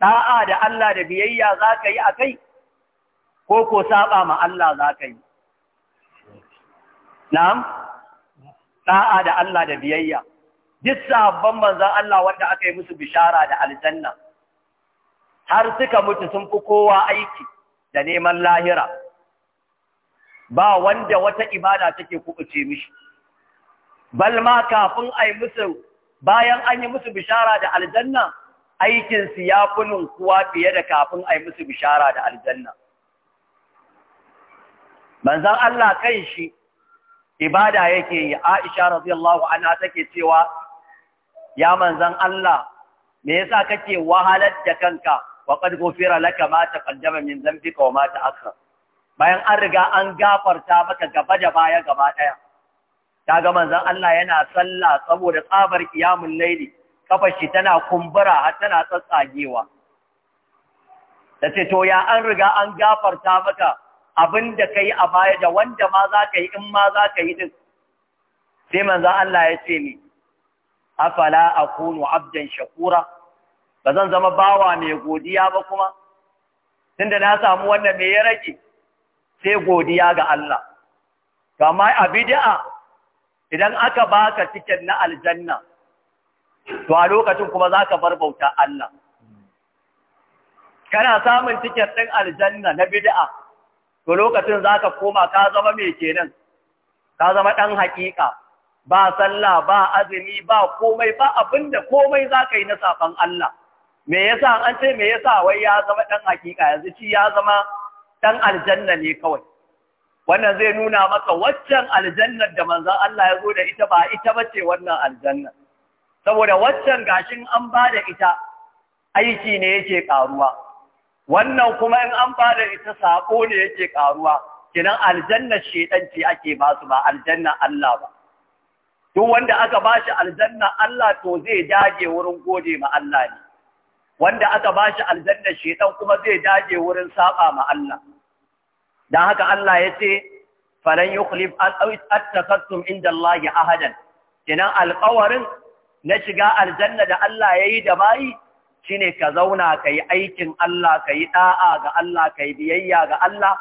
ɗa'a da Allah da biyayya za ka yi a kai ko ko saba ma Allah za ka yi na'am ɗa'a da Allah da biyayya duk sahabban manzon Allah wanda aka yi musu bishara da aljanna har suka mutu sun fi kowa aiki da neman lahira ba wanda wata ibada take kubuce mishi bal ma kafin ai musu bayan an yi musu bishara da aljanna aikinsu ya fi ninkuwa fiye da kafin a musu bishara da aljanna. Manzan Allah kan shi ibada yake yi Aisha radiyallahu anha take cewa ya manzan Allah me yasa kake wahalar da kanka wa qad ghufira laka ma taqaddama min dhanbika wa ma ta'akhkhar bayan an riga an gafarta maka gaba da baya gaba daya kaga manzan Allah yana sallah saboda tsabar kiyamul layli kafar shi tana kumbura har tana tsatsagewa tace to ya an riga an gafarta maka abin da ka yi a baya da wanda ma za ka yi in ma za ka yi din sai manzan Allah ya ce ni afala akunu abdan shakura ba zan zama bawa mai godiya ba kuma tunda na samu wannan mai ya rage sai godiya ga Allah to amma a bid'a idan aka baka cikin na aljanna to a lokacin kuma za ka bar bauta Allah kana samun tiket ɗin aljanna na bid'a to lokacin za ka koma ka zama mai kenan ka zama ɗan haƙiƙa ba sallah ba azumi ba komai ba da komai za ka yi na saɓan Allah me yasa an ce me yasa wai ya zama ɗan haƙiƙa yanzu shi ya zama ɗan aljanna ne kawai wannan zai nuna maka waccan aljannar da manzan Allah ya zo da ita ba ita bace wannan aljanna saboda waccan gashin an ba da ita aiki ne yake ƙaruwa wannan kuma in an ba da ita sako ne yake karuwa kinan aljanna shedan ce ake ba su ba aljanna Allah ba duk wanda aka ba shi aljanna Allah to zai dage wurin gode ma Allah ne wanda aka ba shi aljanna shedan kuma zai dage wurin saba ma Allah dan haka Allah yace falan yukhlif at-takassum inda Allah ahadan kinan alqawarin na shiga aljanna da Allah yayi da bayi shine ka zauna ka yi aikin Allah ka yi ɗa'a ga Allah ka yi biyayya ga Allah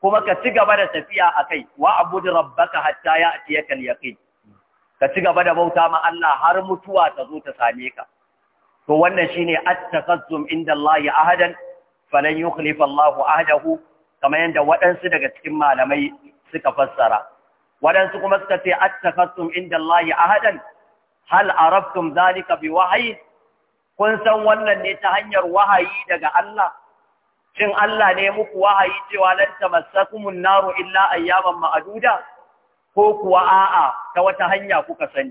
kuma ka ci gaba da tafiya a kai wa abud rabbaka hatta ya atiya kal ka ci gaba da bauta ma Allah har mutuwa ta zo ta same ka to wannan shine attaqazzum inda Allah ahadan falan yukhlifa Allah ahdahu kamar yadda waɗansu daga cikin malamai suka fassara waɗansu kuma suka ce attaqazzum inda Allah ahadan hal araftum zalika bi wahayi? kun san wannan ne ta hanyar wahayi daga Allah shin Allah ne muku wahayi cewa lan tamassakumun naru illa ayyaman ma'aduda ko kuwa a'a ta wata hanya kuka sani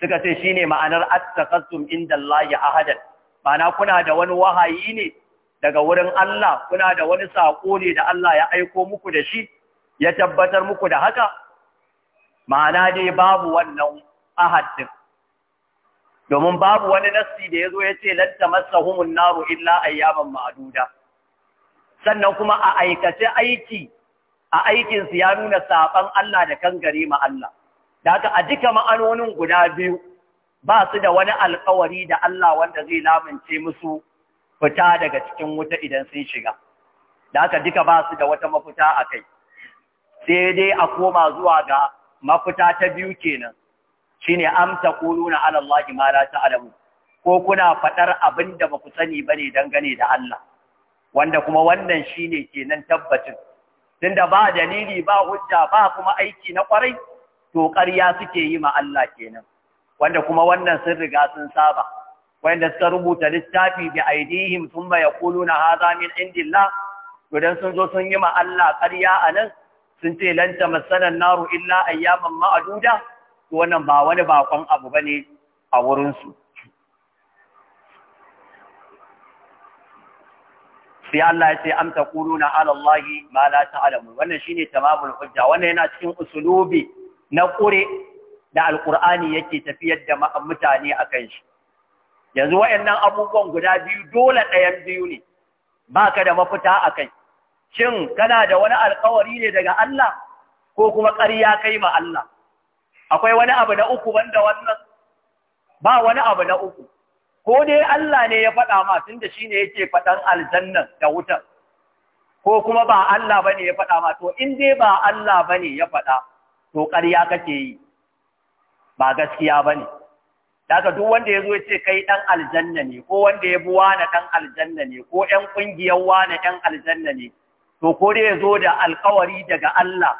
suka ce shine ma'anar attaqattum indallahi ahadan ma'ana kuna da wani wahayi ne daga wurin Allah kuna da wani sako ne da Allah ya aiko muku da shi ya tabbatar muku da haka ma'ana dai babu wannan ahad din domin babu wani nassi da yazo yace latta masahumun naru illa ayyaman ma'duda sannan kuma a aikace aiki a aikin su ya nuna saban Allah da kan kangare ma Allah da haka a duka ma'anonin guda biyu ba su da wani alƙawari da Allah wanda zai lamince musu fita daga cikin wuta idan sun shiga da haka duka ba su da wata mafita a kai sai dai a koma zuwa ga mafita ta biyu kenan shine Amsa, Kulu, ala allahi ma la ta'lamu ko kuna faɗar abinda ba ku sani bane dangane da Allah wanda kuma wannan shine kenan tabbacin tunda ba dalili ba hujja ba kuma aiki na kwarai to ƙarya suke yi ma Allah kenan wanda kuma wannan sun riga sun saba wanda suka rubuta littafi bi aidihim thumma yaquluna hadha min indillah to dan sun zo sun yi ma Allah ƙarya anan sun ce lanta masanan naru illa ayyaman ma'aduda? wannan ba wani bakon abu bane a wurinsu sai Allah ya ce am taquluna ala Allah ma la ta'lamun wannan shine tamamul hujja wannan yana cikin usulubi na ƙure da alqur'ani yake tafiyar da mutane akan shi yanzu wayannan abubuwan guda biyu dole ɗayan biyu ne baka da mafita akai shin kana da wani alkawari ne daga Allah ko kuma ƙarya kai ma Allah akwai wani abu na uku banda wannan ba wani abu na uku ko dai Allah ne ya faɗa ma tunda shine yake faɗan aljannan da wutar ko kuma ba Allah bane ya faɗa ma to in dai ba Allah bane ya faɗa to ƙarya kake yi ba gaskiya bane daga duk wanda yazo zo ya ce kai ɗan aljanna ne ko wanda ya buwa na ɗan aljanna ne ko ƴan ƙungiyar wana ɗan aljanna ne to ko dai yazo da alƙawari daga Allah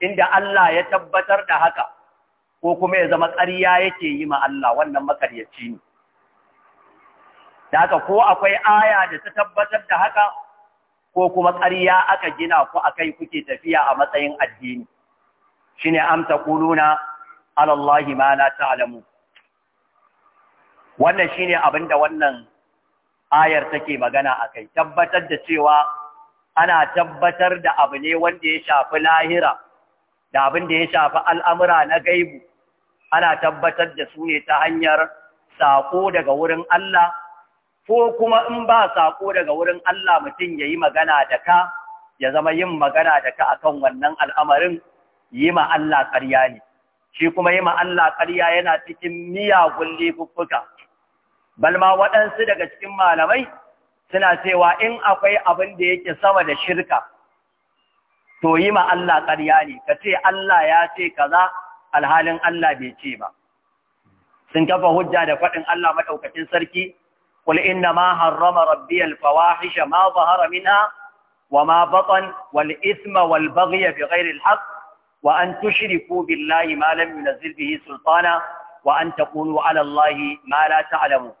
inda Allah ya tabbatar da haka ko kuma ya zama ƙarya yake yi ma Allah wannan makaryaci ne da ko akwai aya da ta tabbatar da haka ko kuma ƙarya aka gina ku akai kuke tafiya a matsayin addini shine am taquluna ala Allah ma la ta'lamu wannan shine abinda wannan ayar take magana akai tabbatar da cewa ana tabbatar da abu ne wanda ya shafi lahira da abinda ya shafi al'amura na gaibu ana tabbatar da su ne ta hanyar sako daga wurin Allah ko kuma in ba sako daga wurin Allah mutum ya yi magana da ka ya zama yin magana da ka akan wannan al'amarin yi ma Allah ƙarya ne shi kuma yi ma Allah ƙarya yana cikin miyagun laifuffuka balma waɗansu daga cikin malamai suna cewa in akwai abin da yake sama da shirka to yi ma Allah ƙarya ne ka ce Allah ya ce kaza alhalin Allah bai ce ba sun kafa hujja da faɗin Allah maɗaukacin sarki kul inna ma harrama rabbi fawahisha ma zahara minha wa ma batan wal isma wal baghya bi ghairi al wa an tushriku billahi ma lam yunzil bihi sultana wa an taqulu ala Allah ma la ta'lamu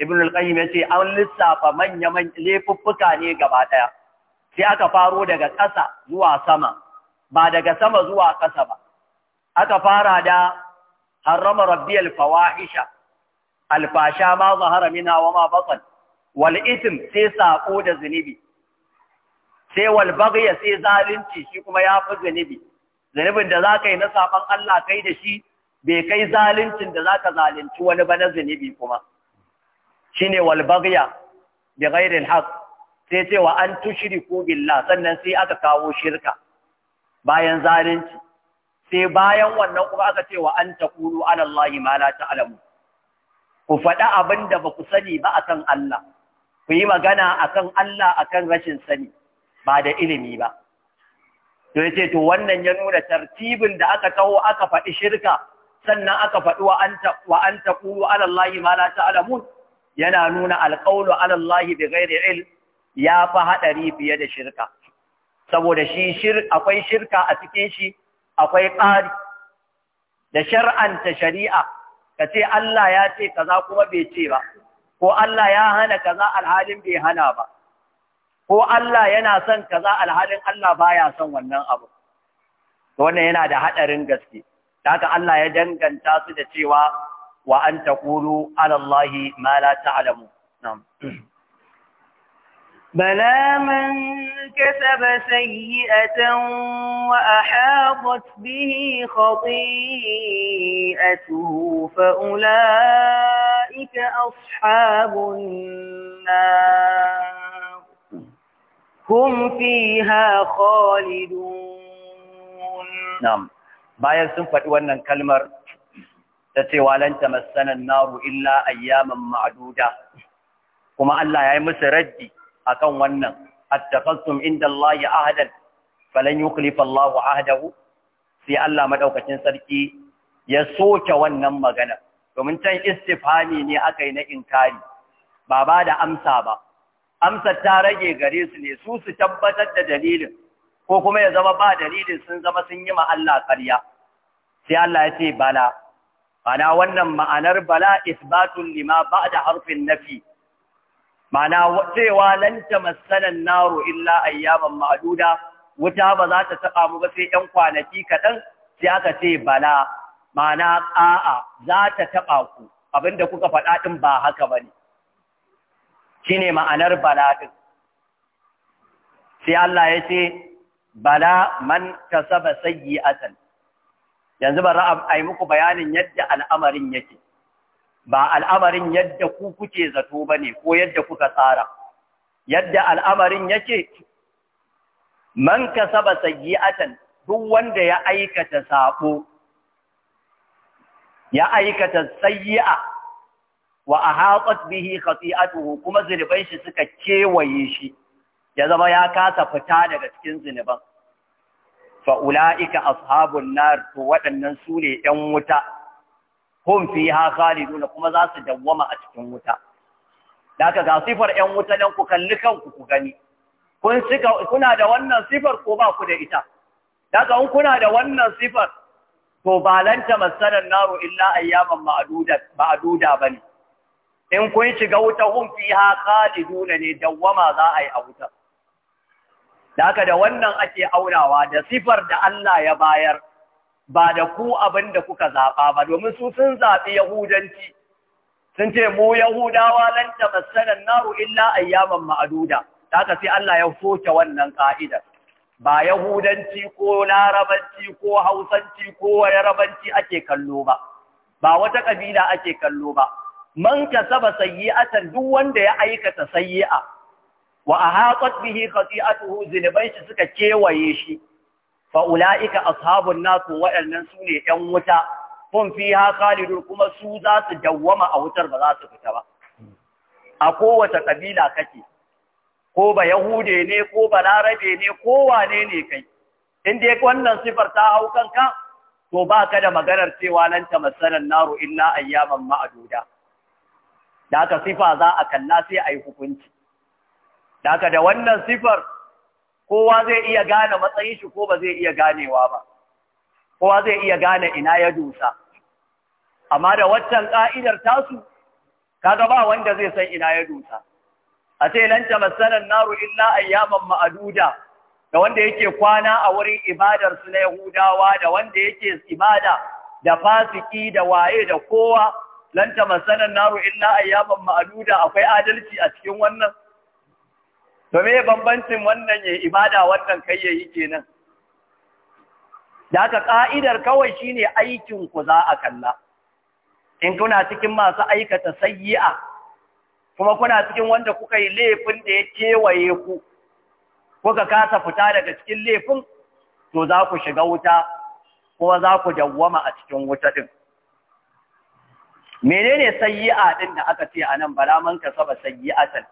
ibn al-qayyim yace an lissafa manya manyan laifuffuka ne gaba daya sai aka faro daga ƙasa zuwa sama ba daga sama zuwa ƙasa ba aka fara da harrama rabbi alfawahisha alfasha ma zahara minha wa ma batan wal ithm sai sako da zunubi sai wal sai zalunci shi kuma ya fi zunubi zunubin da zaka yi na saban Allah kai da shi bai kai zaluncin da zaka zalunci wani ba na zunubi kuma shine wal baghy bi ghairi al sai ce wa an tushriku billah sannan sai aka kawo shirka bayan zalunci sai bayan wannan kuma aka ce wa an taqulu ala allahi ma la ta'lamu ku faɗa abin da ba ku sani ba akan Allah ku yi magana akan Allah akan rashin sani ba da ilimi ba to yace to wannan ya nuna tartibin da aka taho aka faɗi shirka sannan aka faɗi wa anta wa anta qulu ala allahi ma la yana nuna alqawlu ala allahi bighairi ilm ya fa hadari fiye da shirka saboda shi shir akwai shirka a cikin shi akwai ƙari da shar'anta shari'a ka ce Allah ya ce kaza kuma bai ce ba ko Allah ya hana kaza alhalin bai hana ba ko Allah yana son kaza alhalin Allah baya son wannan abu wannan yana da haɗarin gaske haka Allah ya danganta su da cewa wa an taqulu ala Allahi ma la ta'lamu na'am بلى من كسب سيئة وأحاطت به خطيئته فأولئك أصحاب النار هم فيها خالدون نعم بايا سنفت وانا كلمر تتوى لن تمسنا النار إلا أياما معدودة وما الله يعني مسردي akan wannan attaqastum inda Allah ahadan falan yukhlifa Allah ahdahu sai Allah madaukakin sarki ya soke wannan magana domin can istifhami ne akayi na inkari ba ba da amsa ba amsa ta rage gare su ne su su tabbatar da dalilin ko kuma ya zama ba dalilin sun zama sun yi ma Allah ƙarya sai Allah ya ce bala ana wannan ma'anar bala isbatun lima ba da harfin nafi Mana cewa nan ta masanan naro illa ayyaman ma'aduda, wuta ba za ta taɓa mu ba sai yan kwanaki kaɗan sai aka ce bala mana a'a za ta taɓa ku abinda kuka faɗa ɗin ba haka ba ne. Shi ne ma'anar bala ɗin sai Allah ya ce bala man ta saba kasaba asal. yanzu baza a yi muku bayanin yadda al'amarin yake ba al'amarin yadda ku kuke zato ba ne ko yadda kuka tsara yadda al'amarin yake man kasaba sayyi'atan duk wanda ya aikata sabo ya aikata sayyi'a wa ahatat bihi khati'atuhu kuma zunuban shi suka kewaye shi ya zama ya kasa fita daga cikin zunuban fa ulaika ashabun nar to waɗannan su ne 'yan wuta hum fiha khalidun kuma za su dawwama a cikin wuta daga ga sifar ƴan wuta nan ku kalli kanku ku gani kun suka kuna da wannan sifar ko ba ku da ita daga in kuna da wannan sifar to ba lanta tamassalan naru illa ayyaman ma'duda ma'duda bane in kun shiga wuta hum fiha khaliduna ne dawwama za a yi a wuta daga da wannan ake aunawa da sifar da Allah ya bayar ba da ku abin da kuka zaɓa ba domin su sun zaɓi yahudanci sun ce mu yahudawa nan da tamassanan naru illa ayyaman ma'aduda ka sai Allah ya soke wannan ƙa'idar. ba yahudanci ko larabanci ko hausanci ko yarabanci ake kallo ba ba wata kabila ake kallo ba man kasaba sayyi'atan duk wanda ya aikata a. wa ahatat bihi khati'atuhu shi suka kewaye shi fa'ula'ika ashabun nasu waɗannan su ne ‘yan wuta, kun fi ha khalidun kuma su za su dawwama a wutar ba za su fita ba. A kowace kabila kake, ko ba Yahude ne, ko ba Larabe ne, ko wane ne kai, in dai wannan sifar ta hau kanka, to ba ka da maganar cewa nan ta matsalar naro illa ayyaman ma'aduda. Da aka sifa za a kalla sai a yi hukunci. Da aka da wannan sifar kowa zai iya gane matsayin shi ko ba zai iya ganewa ba kowa zai iya gane ina ya dusa amma da waccan ƙa'idar tasu kaga ba wanda zai san ina ya dusa a ce lan tamassalan naru illa ayyaman ma'aduda da wanda yake kwana a wurin ibadar su na Yahudawa da wanda yake ibada da fasiki da waye da kowa lan tamassalan naru illa ayyaman ma'aduda akwai adalci a cikin wannan to me bambancin wannan ya ibada wannan kai yayi kenan da ka ka'idar kawai shine aikin ku za a kalla in kuna cikin masu aikata sayyi'a kuma kuna cikin wanda kuka yi laifin da ya kewaye ku kuka kasa fita daga cikin laifin to za ku shiga wuta kuma za ku dawwama a cikin wuta din menene sayyi'a din da aka ce a nan? bala man kasaba sayyi'atan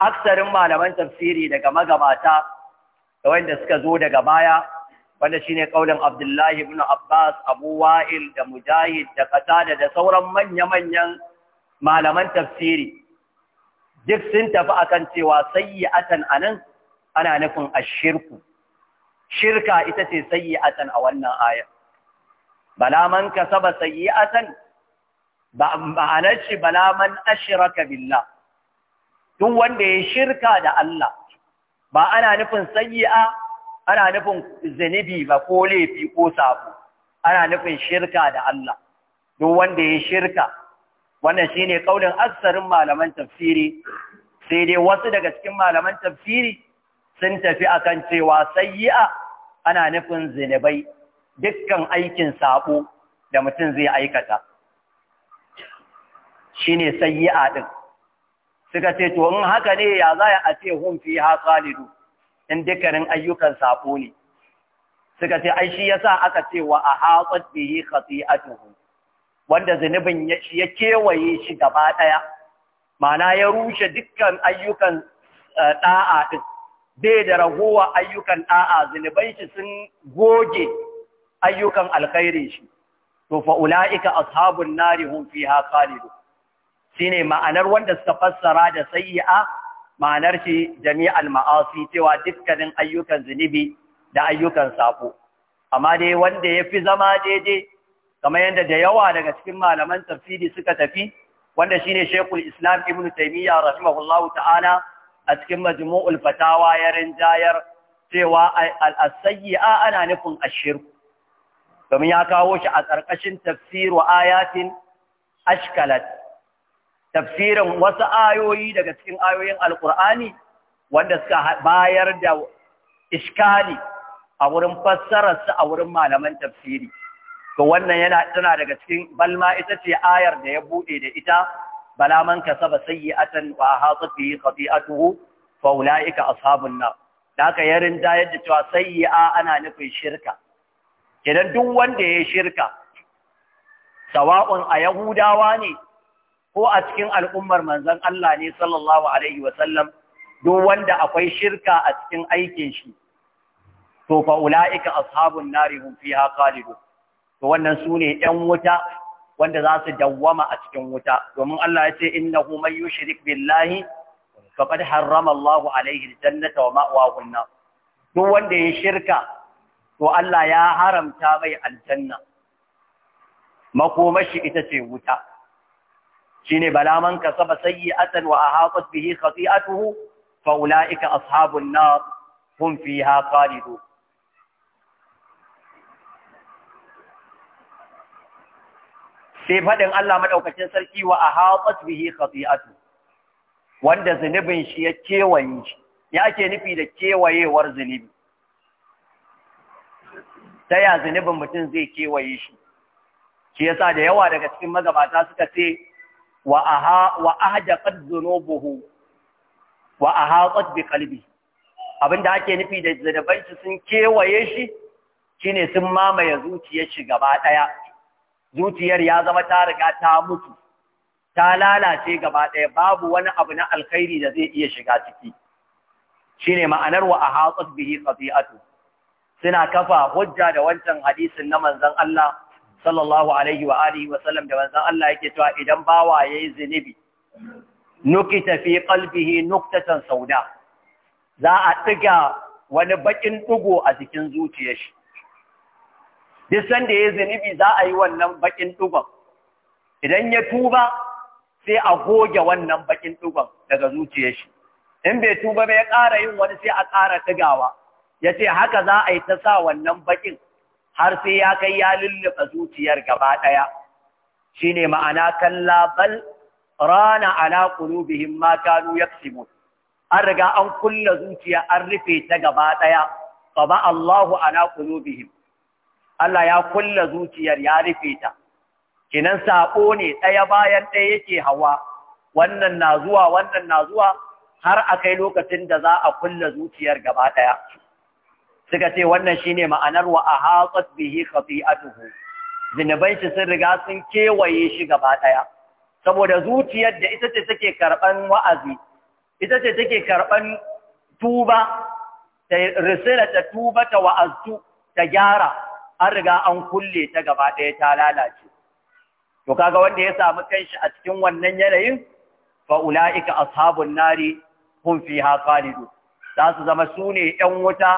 aksarin malaman tafsiri daga magabata da wanda suka zo daga baya wanda shine kaulin Abdullahi ibn Abbas Abu Wa'il da Mujahid da Qatada da sauran manya-manyan malaman tafsiri duk sun tafi akan cewa sayyi'atan anan ana nufin ashirku shirka ita ce sayyi'atan a wannan aya bala man kasaba sayyi'atan ba ma'anar shi bala man ashraka billah duk wanda ya shirka da Allah ba ana nufin sayi'a ana nufin zanibi ba ko laifi ko sabo ana nufin shirka da Allah duk wanda ya shirka wannan shine kaulin aksarin malaman tafsiri sai dai wasu daga cikin malaman tafsiri sun tafi akan cewa sayi'a ana nufin zanibai dukkan aikin sabo da mutum zai aikata shine sayi'a din suka ce to in haka ne ya za a ce hun fi ha in dukkanin ayyukan sako ne suka ce ai shi yasa aka ce wa a hatsat bihi khati'atuhu wanda zunubin ya kewaye shi gaba daya ma'ana ya rushe dukkan ayyukan da'a eh, din bai da ragowa ayyukan da'a zunubai shi sun goge ayyukan alkhairin shi to fa ulaika ashabun nari hum fiha khalidun ne ma'anar wanda suka fassara da sayyi'a ma'anar shi jami'al ma'asi cewa dukkanin ayyukan zunubi da ayyukan sako amma dai wanda ya fi zama daidai kamar yadda da yawa daga cikin malaman tafsiri suka tafi wanda shine Sheikhul Islam Ibn Taymiyyah rahimahullahu ta'ala a cikin Majmu'ul Fatawa ya rinjayar cewa al ana nufin ashiru. domin ya kawo shi a ƙarƙashin tafsiru ayatin ashkalat tafsirin wasu ayoyi daga cikin ayoyin alkur'ani wanda suka bayar da iskali a wurin fassararsa a wurin malaman tafsiri to wannan yana tana daga cikin balma ita ce ayar da ya bude da ita bala man kasaba sayyi'atan wa hatat bihi khati'atuhu fa ulaika ashabun nar da ka yarin da yadda cewa sayyi'a ana nufin shirka kenan duk wanda ya shirka sawa'un a yahudawa ne ko a cikin al'ummar manzon Allah ne sallallahu alaihi wasallam duk wanda akwai shirka a cikin aikin shi to fa ulaika ashabun nari hum fiha khalidun to wannan sune ɗan wuta wanda za su dawwama a cikin wuta domin Allah ya ce kuma man yushrik billahi faqad harrama Allah alaihi aljannata duk wanda ya shirka to Allah ya haramta mai aljanna makomashi ita ce wuta shine bala man kasaba sayyi'atan wa a haƙas bihi tuhu fa ulaika ashabun nar hum ha khalidun sai faɗin Allah maɗaukacin sarki wa a haƙas bihi tuhu wanda zunubin shi ya kewaye shi ya ake nufi da kewayewar zunubi ta ya zunubin mutum zai kewaye shi shi yasa da yawa daga cikin magabata suka ce wa a wa ahdaqat dhunubuhu wa ahatat bi abinda ake nufi da zanaban sun kewaye shi shi ne sun mamaye zuciyar shi gaba ɗaya zuciyar ya zama ta riga ta mutu ta lalace gaba ɗaya babu wani abu na alkhairi da zai iya shiga ciki Shi ne ma'anar wa ahatat bihi qati'atu suna kafa hujja da wancan hadisin na manzon Allah sallallahu alaihi wa alihi wa da manzon Allah yake cewa idan bawa yayi zinubi nukita fi qalbihi nuktatan sauda za a ɗiga wani baƙin dugo a jikin zuciya shi duk sanda yayi zinibi za a yi wannan baƙin dugon idan ya tuba sai a goge wannan baƙin dugon daga zuciya shi in bai tuba bai ƙara yin wani sai a ƙara Ya ce haka za a yi ta sa wannan baƙin. har sai ya kai ya lulluɓa zuciyar gaba ɗaya shi ne ma'ana kalla bal rana ala qulubihim ma kanu an riga an kulla zuciya an rufe ta gaba ɗaya fa ba Allahu ala Allah ya kulla zuciyar ya rufe ta kinan saƙo ne ɗaya bayan ɗaya yake hawa wannan na zuwa wannan na zuwa har akai lokacin da za a kulla zuciyar gaba ɗaya suka ce wannan shine ma'anar wa ahatat bihi a tuhu. sun riga sun kewaye shi gaba ɗaya. saboda zuciyar da ita ce take karɓan wa'azi ita ce take karɓan tuba ta risala ta tuba ta wa'aztu ta gyara an riga an kulle ta gaba ɗaya ta lalace to kaga wanda ya samu kanshi a cikin wannan yanayin fa ulaika ashabun nari hum Falidu. khalidun za su zama sune yan wuta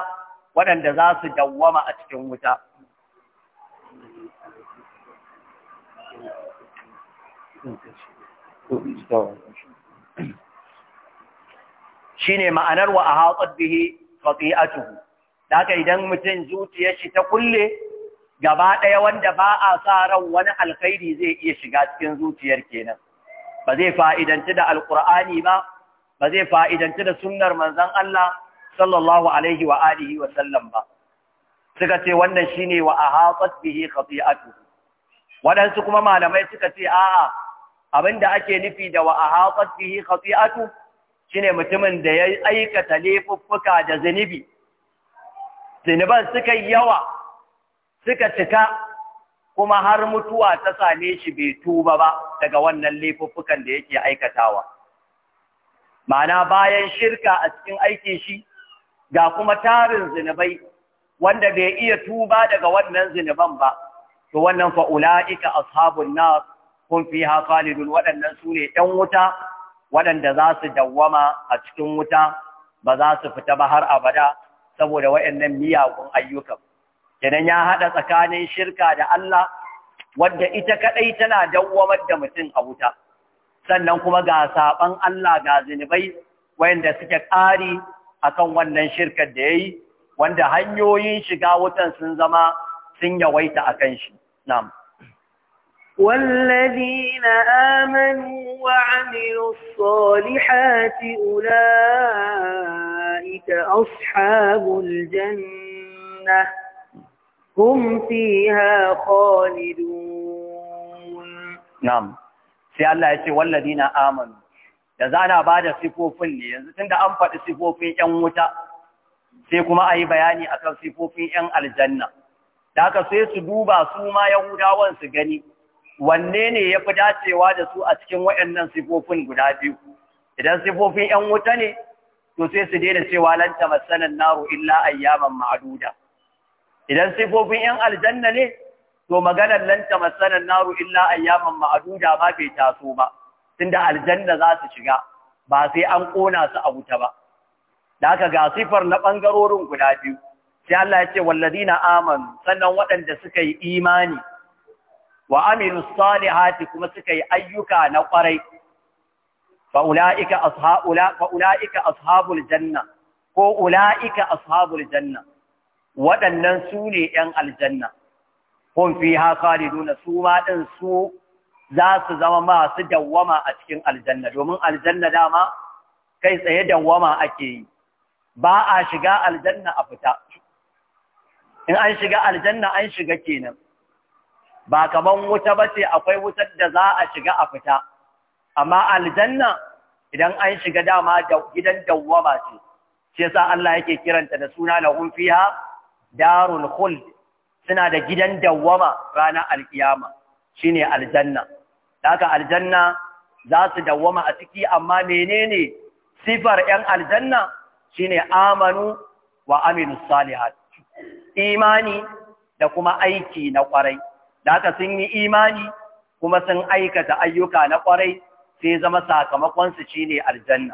waɗanda za su dawwama a cikin wuta Shi ne ma'anar wa a ahatat bihi a khati'atuhu daga idan mutum zuciyar shi ta kulle gaba ɗaya wanda ba a sa ran wani alkhairi zai iya shiga cikin zuciyar kenan ba zai fa'idanci da Alƙur'ani ba ba zai fa'idanci da sunnar manzan Allah sallallahu alaihi wa alihi wa sallam ba suka ce wannan shine wa ahatat bihi khati'atu wadansu kuma malamai suka ce a'a abinda ake nufi da wa ahatat bihi khati'atu shine mutumin da ya aikata laifuffuka da zunubi zunuban suka yawa suka cika kuma har mutuwa ta same shi bai tuba ba daga wannan laifuffukan da yake aikatawa ma'ana bayan shirka a cikin aikin shi ga kuma tarin zinubai wanda bai iya tuba daga wannan zinuban ba to wannan fa ulaika ashabun nar kun fiha khalidun waɗannan su ne dan wuta waɗanda za su dawwama a cikin wuta ba za su fita ba har abada saboda wayannan miyagun ayyuka idan ya haɗa tsakanin shirka da Allah wadda ita kadai tana dawwamar da mutum a wuta sannan kuma ga saɓan Allah ga zinubai wayanda suke ƙari akan wannan shirkar da ya yi wanda hanyoyin shiga wutan sun zama sun yawaita a kan shi nam Wallazina amanu wa amiru salihati ula'ika ashabul janna hum fiha khalidun Nam sai Allah ya ce wallazina amanu Da za na ba da sifofin ne yanzu tun da an faɗi sifofin ‘yan wuta sai kuma a yi bayani a kan sifofin ‘yan aljanna da aka sai su duba su ma yahudawan su gani wanne ne ya fi dacewa da su a cikin waɗannan sifofin guda biyu idan sifofin ‘yan wuta ne to sai su daina cewa lanta masanan naro illa ayyaman ma'aduda idan sifofin ‘yan aljanna ne to maganar lanta masanan naro illa ayyaman ma'aduda ma bai taso ba tunda aljanna za su shiga ba sai an kona su a wuta ba da haka ga sifar na bangarorin guda biyu sai Allah ya ce walladina amanu sannan waɗanda suka yi imani wa amilus salihati kuma suka yi ayyuka na kwarai fa ulaika ashaula fa ulaika ashabul janna ko ulaika ashabul janna waɗannan su ne ‘yan aljanna, kun fi ha kaliduna su ma ɗin su za su zama masu dawwama a cikin aljanna domin aljanna dama kai tsaye dawwama ake yi ba a shiga aljanna a fita in an shiga aljanna an shiga kenan ba kaman wuta ba ce, akwai wutar da za a shiga a fita amma aljanna idan an shiga dama gidan dawwama ce shi yasa Allah yake kiranta da suna lahum fiha darul khuld suna da gidan dawwama ranar alkiyama shine aljanna Daga aljanna za su dawwama a ciki amma menene sifar 'yan aljanna shine amanu wa aminu salihat imani da kuma aiki na kwarai da sun yi imani kuma sun aikata ayyuka na kwarai sai zama sakamakonsu shine aljanna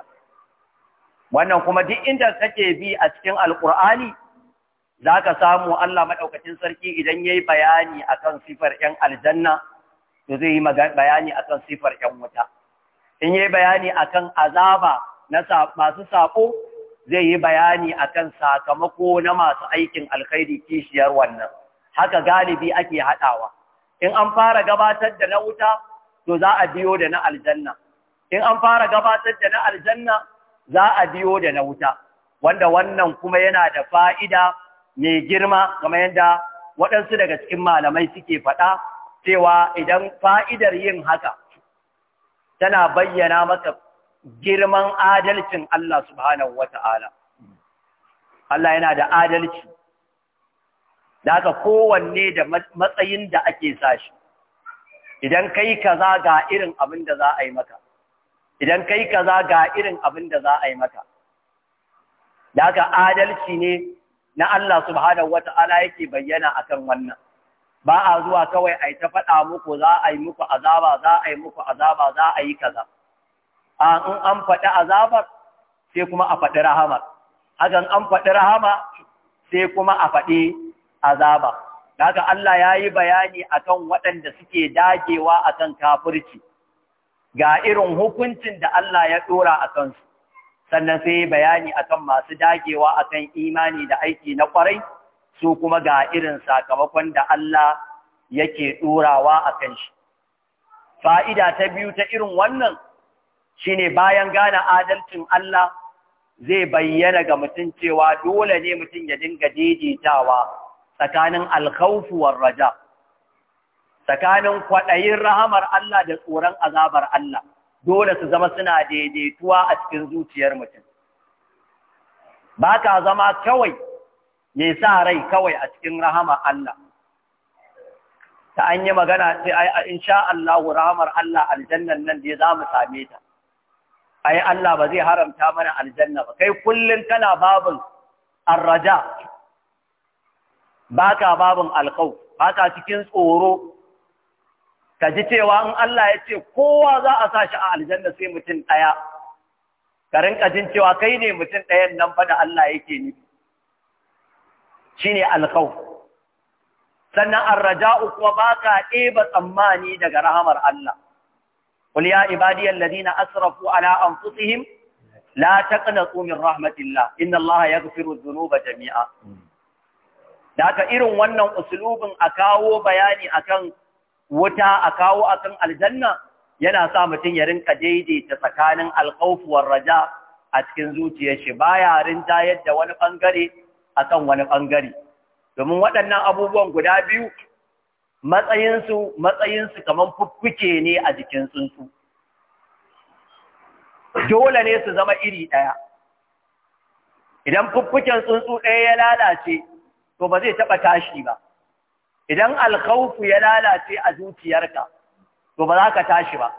wannan kuma duk inda kake bi a cikin alkur'ani zaka samu Allah maɗaukacin sarki idan yayi bayani akan sifar ‘yan aljanna to zai yi bayani akan sifar ‘yan wuta. In yi bayani akan azaba na masu saƙo, zai yi bayani akan sakamako na masu aikin alkhairi kishiyar wannan. Haka galibi ake haɗawa. In an fara gabatar da na wuta, to za a biyo da na aljanna. In an fara gabatar da na aljanna, za a biyo da na wuta. Wanda wannan kuma yana da fa'ida mai girma, kamar yadda waɗansu daga cikin malamai suke faɗa cewa idan fa'idar yin haka tana bayyana masa girman adalcin Allah subhanahu wata'ala Allah yana da adalci da aka kowanne da matsayin da ake sashi idan kai za ga irin abin da za a yi maka idan kai za ga irin abin da za a yi maka da aka adalci ne na Allah subhanahu wata'ala yake bayyana akan wannan ba a zuwa kawai a yi ta faɗa muku za a yi muku azaba za a yi muku azaba za a yi kaza a in an faɗi azabar sai kuma a faɗi rahama hakan an faɗi rahama sai kuma a faɗi azaba daga Allah ya yi bayani akan waɗanda suke dagewa akan kafirci ga irin hukuncin da Allah ya ɗora a kansu sannan sai bayani akan masu dagewa akan imani da aiki na kwarai? su kuma ga irin sakamakon da Allah yake ɗorawa a kan shi. Fa'ida ta biyu ta irin wannan shi ne bayan gane adalcin Allah zai bayyana ga mutum cewa dole ne mutum ya dinga daidaitawa tsakanin Alkaufuwar raja, tsakanin kwaɗayin rahamar Allah da tsoron azabar Allah, dole su zama suna daidaituwa a cikin zuciyar mutum. Ba ka zama kawai mai sa rai kawai a cikin rahama Allah ta an yi magana sai ai insha Allah rahamar Allah aljannan nan da za mu same ta ai Allah ba zai haramta mana aljanna ba kai kullun kana babin arraja baka babin alqaw baka cikin tsoro ka ji cewa in Allah ya ce kowa za a sa shi a aljanna sai mutum ɗaya ka rinka jin cewa kai ne mutum ɗayan nan fa da Allah yake nufi shine alkhawf sannan arraja'u kuma baka ɗeba tsammani daga rahamar Allah qul ya ladina asrafu ala anfusihim la taqnatu min rahmatillah inna Allah yaghfiru dhunuba jami'a da irin wannan usulubin a kawo bayani akan wuta a kawo akan aljanna yana sa mutum ya rinka daidaita tsakanin alkhawf raja a cikin zuciyar shi baya rinjayar da wani ɓangare. akan wani ɓangare domin waɗannan abubuwan guda biyu matsayinsu matsayinsu kamar fuffuke ne a jikin tsuntsu dole ne su zama iri ɗaya idan fuffuken tsuntsu ɗaya ya lalace to ba zai taɓa tashi ba idan alkhawfu ya lalace a zuciyarka to ba za ka tashi ba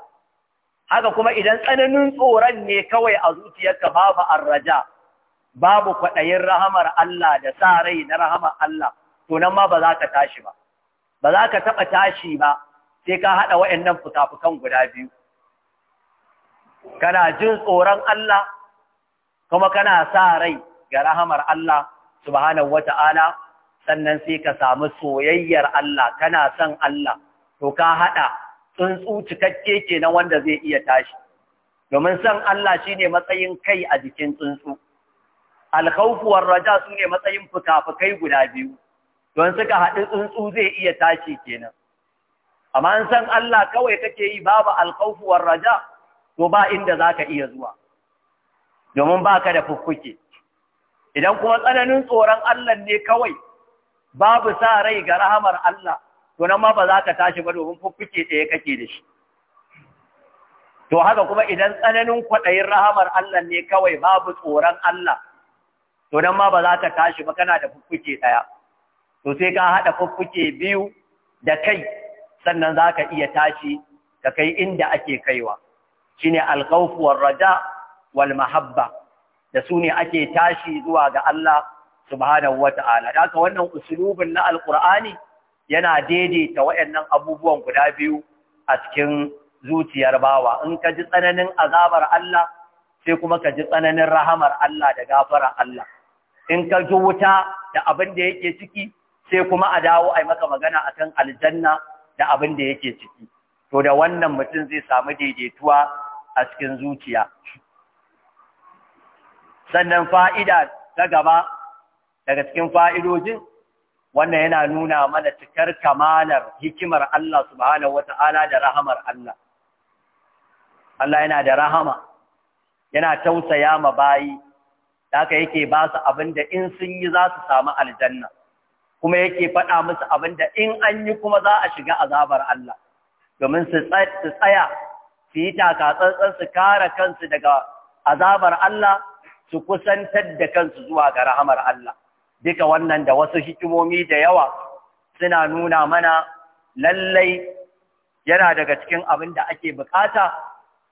haka kuma idan tsananin tsoron ne kawai a zuciyarka babu arraja babu kwaɗayin rahamar Allah da sa rai na rahamar Allah, to nan ma ba za ka tashi ba, ba za ka taɓa tashi ba sai ka haɗa nan fuka-fukan guda biyu. Kana jin tsoron Allah, kuma kana sa rai ga rahamar Allah, subhanahu ta’ala, sannan sai ka samu soyayyar Allah, kana son Allah, to ka haɗa tsuntsu cikakke kenan wanda zai iya tashi. Domin son Allah shine matsayin kai a jikin tsuntsu. war raja su ne matsayin fukafukai guda biyu don suka haɗu tsuntsu zai iya tashi kenan amma an san Allah kawai kake yi babu war raja to ba inda zaka iya zuwa domin baka da fuffuke idan kuma tsananin tsoron Allah ne kawai babu sa rai ga rahamar Allah to nan ma ba za ka tashi ba domin fuffuke ɗaya kake da shi to haka kuma idan tsananin kwaɗayin rahamar Allah ne kawai babu tsoron Allah to dan ma ba za ka tashi ba kana da fuffuke ɗaya to sai ka haɗa fuffuke biyu da kai sannan za ka iya tashi ka kai inda ake kaiwa shine alkhawfu war raja wal mahabba da su ne ake tashi zuwa ga Allah subhanahu wata'ala da haka wannan usulubin na alqur'ani yana daidaita waɗannan abubuwan guda biyu a cikin zuciyar bawa in ka ji tsananin azabar Allah sai kuma ka ji tsananin rahamar Allah da gafarar Allah in ka ji wuta da abin da yake ciki sai kuma a dawo a yi maka magana a kan aljanna da abin da yake ciki to da wannan mutum zai samu daidaituwa a cikin zuciya sannan fa'ida ta gaba daga cikin fa'idojin wannan yana nuna mana cikar kamalar hikimar Allah subhanahu wata'ala da rahamar Allah Allah yana da rahama yana tausaya ma bayi Daka yake ba su abin da in sun yi za su samu aljanna kuma yake faɗa musu abin da in an yi kuma za a shiga azabar Allah domin su tsaya su yi takatsantsan su kare kansu daga azabar Allah su kusantar da kansu zuwa ga rahamar Allah duka wannan da wasu hikimomi da yawa suna nuna mana lallai yana daga cikin abin da ake bukata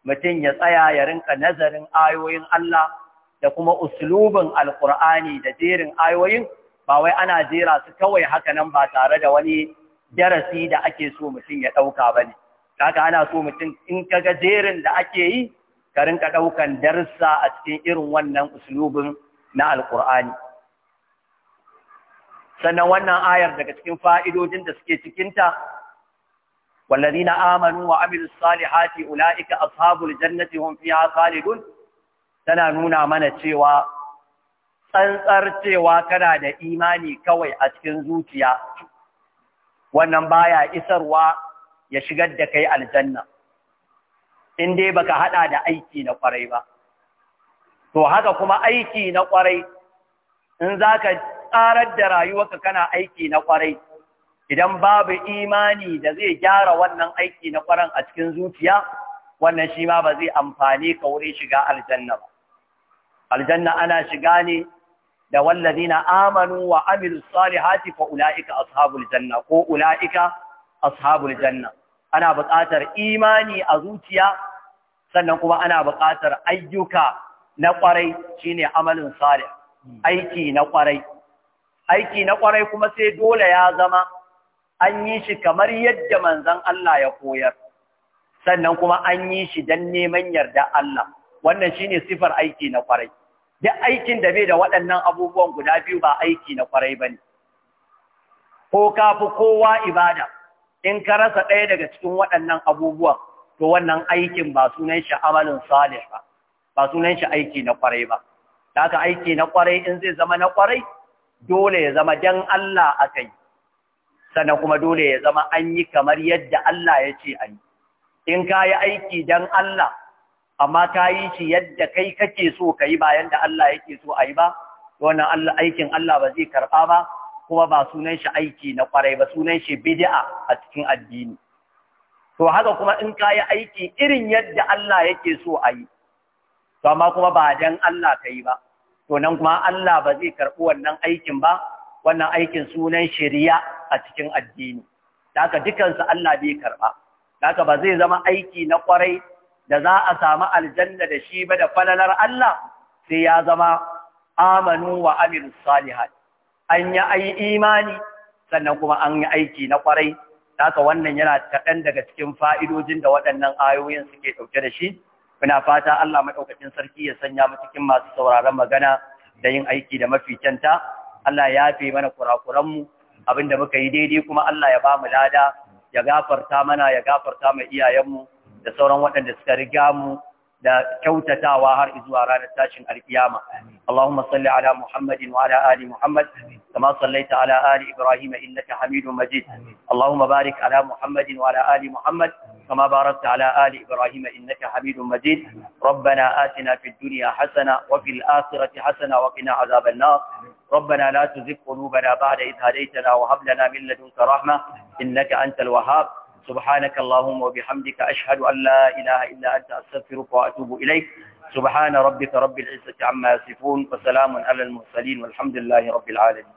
mutum ya tsaya ya rinka nazarin ayoyin Allah da kuma uslubin alkur'ani da jerin ayoyin ba wai ana jera su kawai haka nan ba tare da wani darasi da ake so mutum ya ɗauka ba ne kaga ana so mutum in kaga jerin da ake yi ka rinka ɗaukan darsa a cikin irin wannan uslubin na alkur'ani sannan wannan ayar daga cikin fa'idojin da suke cikinta والذين آمنوا وعملوا الصالحات أولئك أصحاب الجنة هم فيها خالدون tana nuna mana cewa tsantsar cewa kana da imani kawai a cikin zuciya wannan baya isarwa ya shigar da kai aljanna in dai baka hada da aiki na kwarai ba to haka kuma aiki na kwarai in zaka tsarar da rayuwarka kana aiki na kwarai idan babu imani da zai gyara wannan aiki na kwaran a cikin zuciya wannan shi ma ba zai amfane ka wurin shiga aljanna ba aljanna ana shiga ne da wallazina amanu wa amilu salihati fa ulaika ashabul janna ko ulaika ashabul janna ana buƙatar imani a zuciya sannan kuma ana buƙatar ayyuka na ƙwarai shine amalin salih aiki na ƙwarai aiki na ƙwarai kuma sai dole ya zama an yi shi kamar yadda manzon Allah ya koyar sannan kuma an yi shi dan neman yarda Allah wannan shine sifar aiki na kwarai duk aikin da bai da waɗannan abubuwan guda biyu ba aiki na kwarai bane ko kafi kowa ibada in ka rasa ɗaya daga cikin waɗannan abubuwan to wannan aikin ba sunan shi amalin salih ba ba sunan shi aiki na kwarai ba haka aiki na kwarai in zai zama na kwarai dole ya zama dan Allah akai sannan kuma dole ya zama an yi kamar yadda Allah ya ce an yi in ka yi aiki dan Allah amma ka yi shi yadda kai kake so ka yi ba yadda Allah yake so a yi ba wannan aikin Allah ba zai karɓa ba kuma ba sunan shi aiki na ƙwarai ba sunan shi bidi'a a cikin addini to haka kuma in ka yi aiki irin yadda Allah yake so a yi to amma kuma ba dan Allah ka yi ba to nan kuma Allah ba zai karɓi wannan aikin ba wannan aikin sunan shirya a cikin addini da haka dukansu Allah bai karɓa da haka ba zai zama aiki na ƙwarai da za a samu aljanna da shi ba da falalar Allah sai ya zama amanu wa amilu salihat an yi ai imani sannan kuma an yi aiki na kwarai haka wannan yana kaɗan daga cikin fa'idojin da waɗannan ayoyin suke ɗauke da shi muna fata Allah maɗaukacin sarki ya sanya mu cikin masu sauraron magana da yin aiki da mafi kyanta Allah ya fi mana kurakuranmu abinda muka yi daidai kuma Allah ya ba mu lada ya gafarta mana ya gafarta ma iyayenmu da sauran waɗanda suka riga mu da kyautatawa har zuwa ranar tashin alkiyama Allahumma salli ala Muhammadin wa ala ali Muhammad kama sallaita ala ali Ibrahim innaka hamidu Majid Allahumma barik ala Muhammadin wa ala ali Muhammad Kama ala ali ibrahim آل إبراهيم إنك حميد مجيد ربنا آتنا في الدنيا حسنة وفي الآخرة حسنة وقنا عذاب النار ربنا لا تزغ قلوبنا بعد إذ هديتنا وهب لنا من لدنك رحمة إنك أنت الوهاب سبحانك اللهم وبحمدك أشهد أن لا إله إلا أنت أستغفرك وأتوب إليك سبحان ربك رب العزة عما يصفون وسلام على المرسلين والحمد لله رب العالمين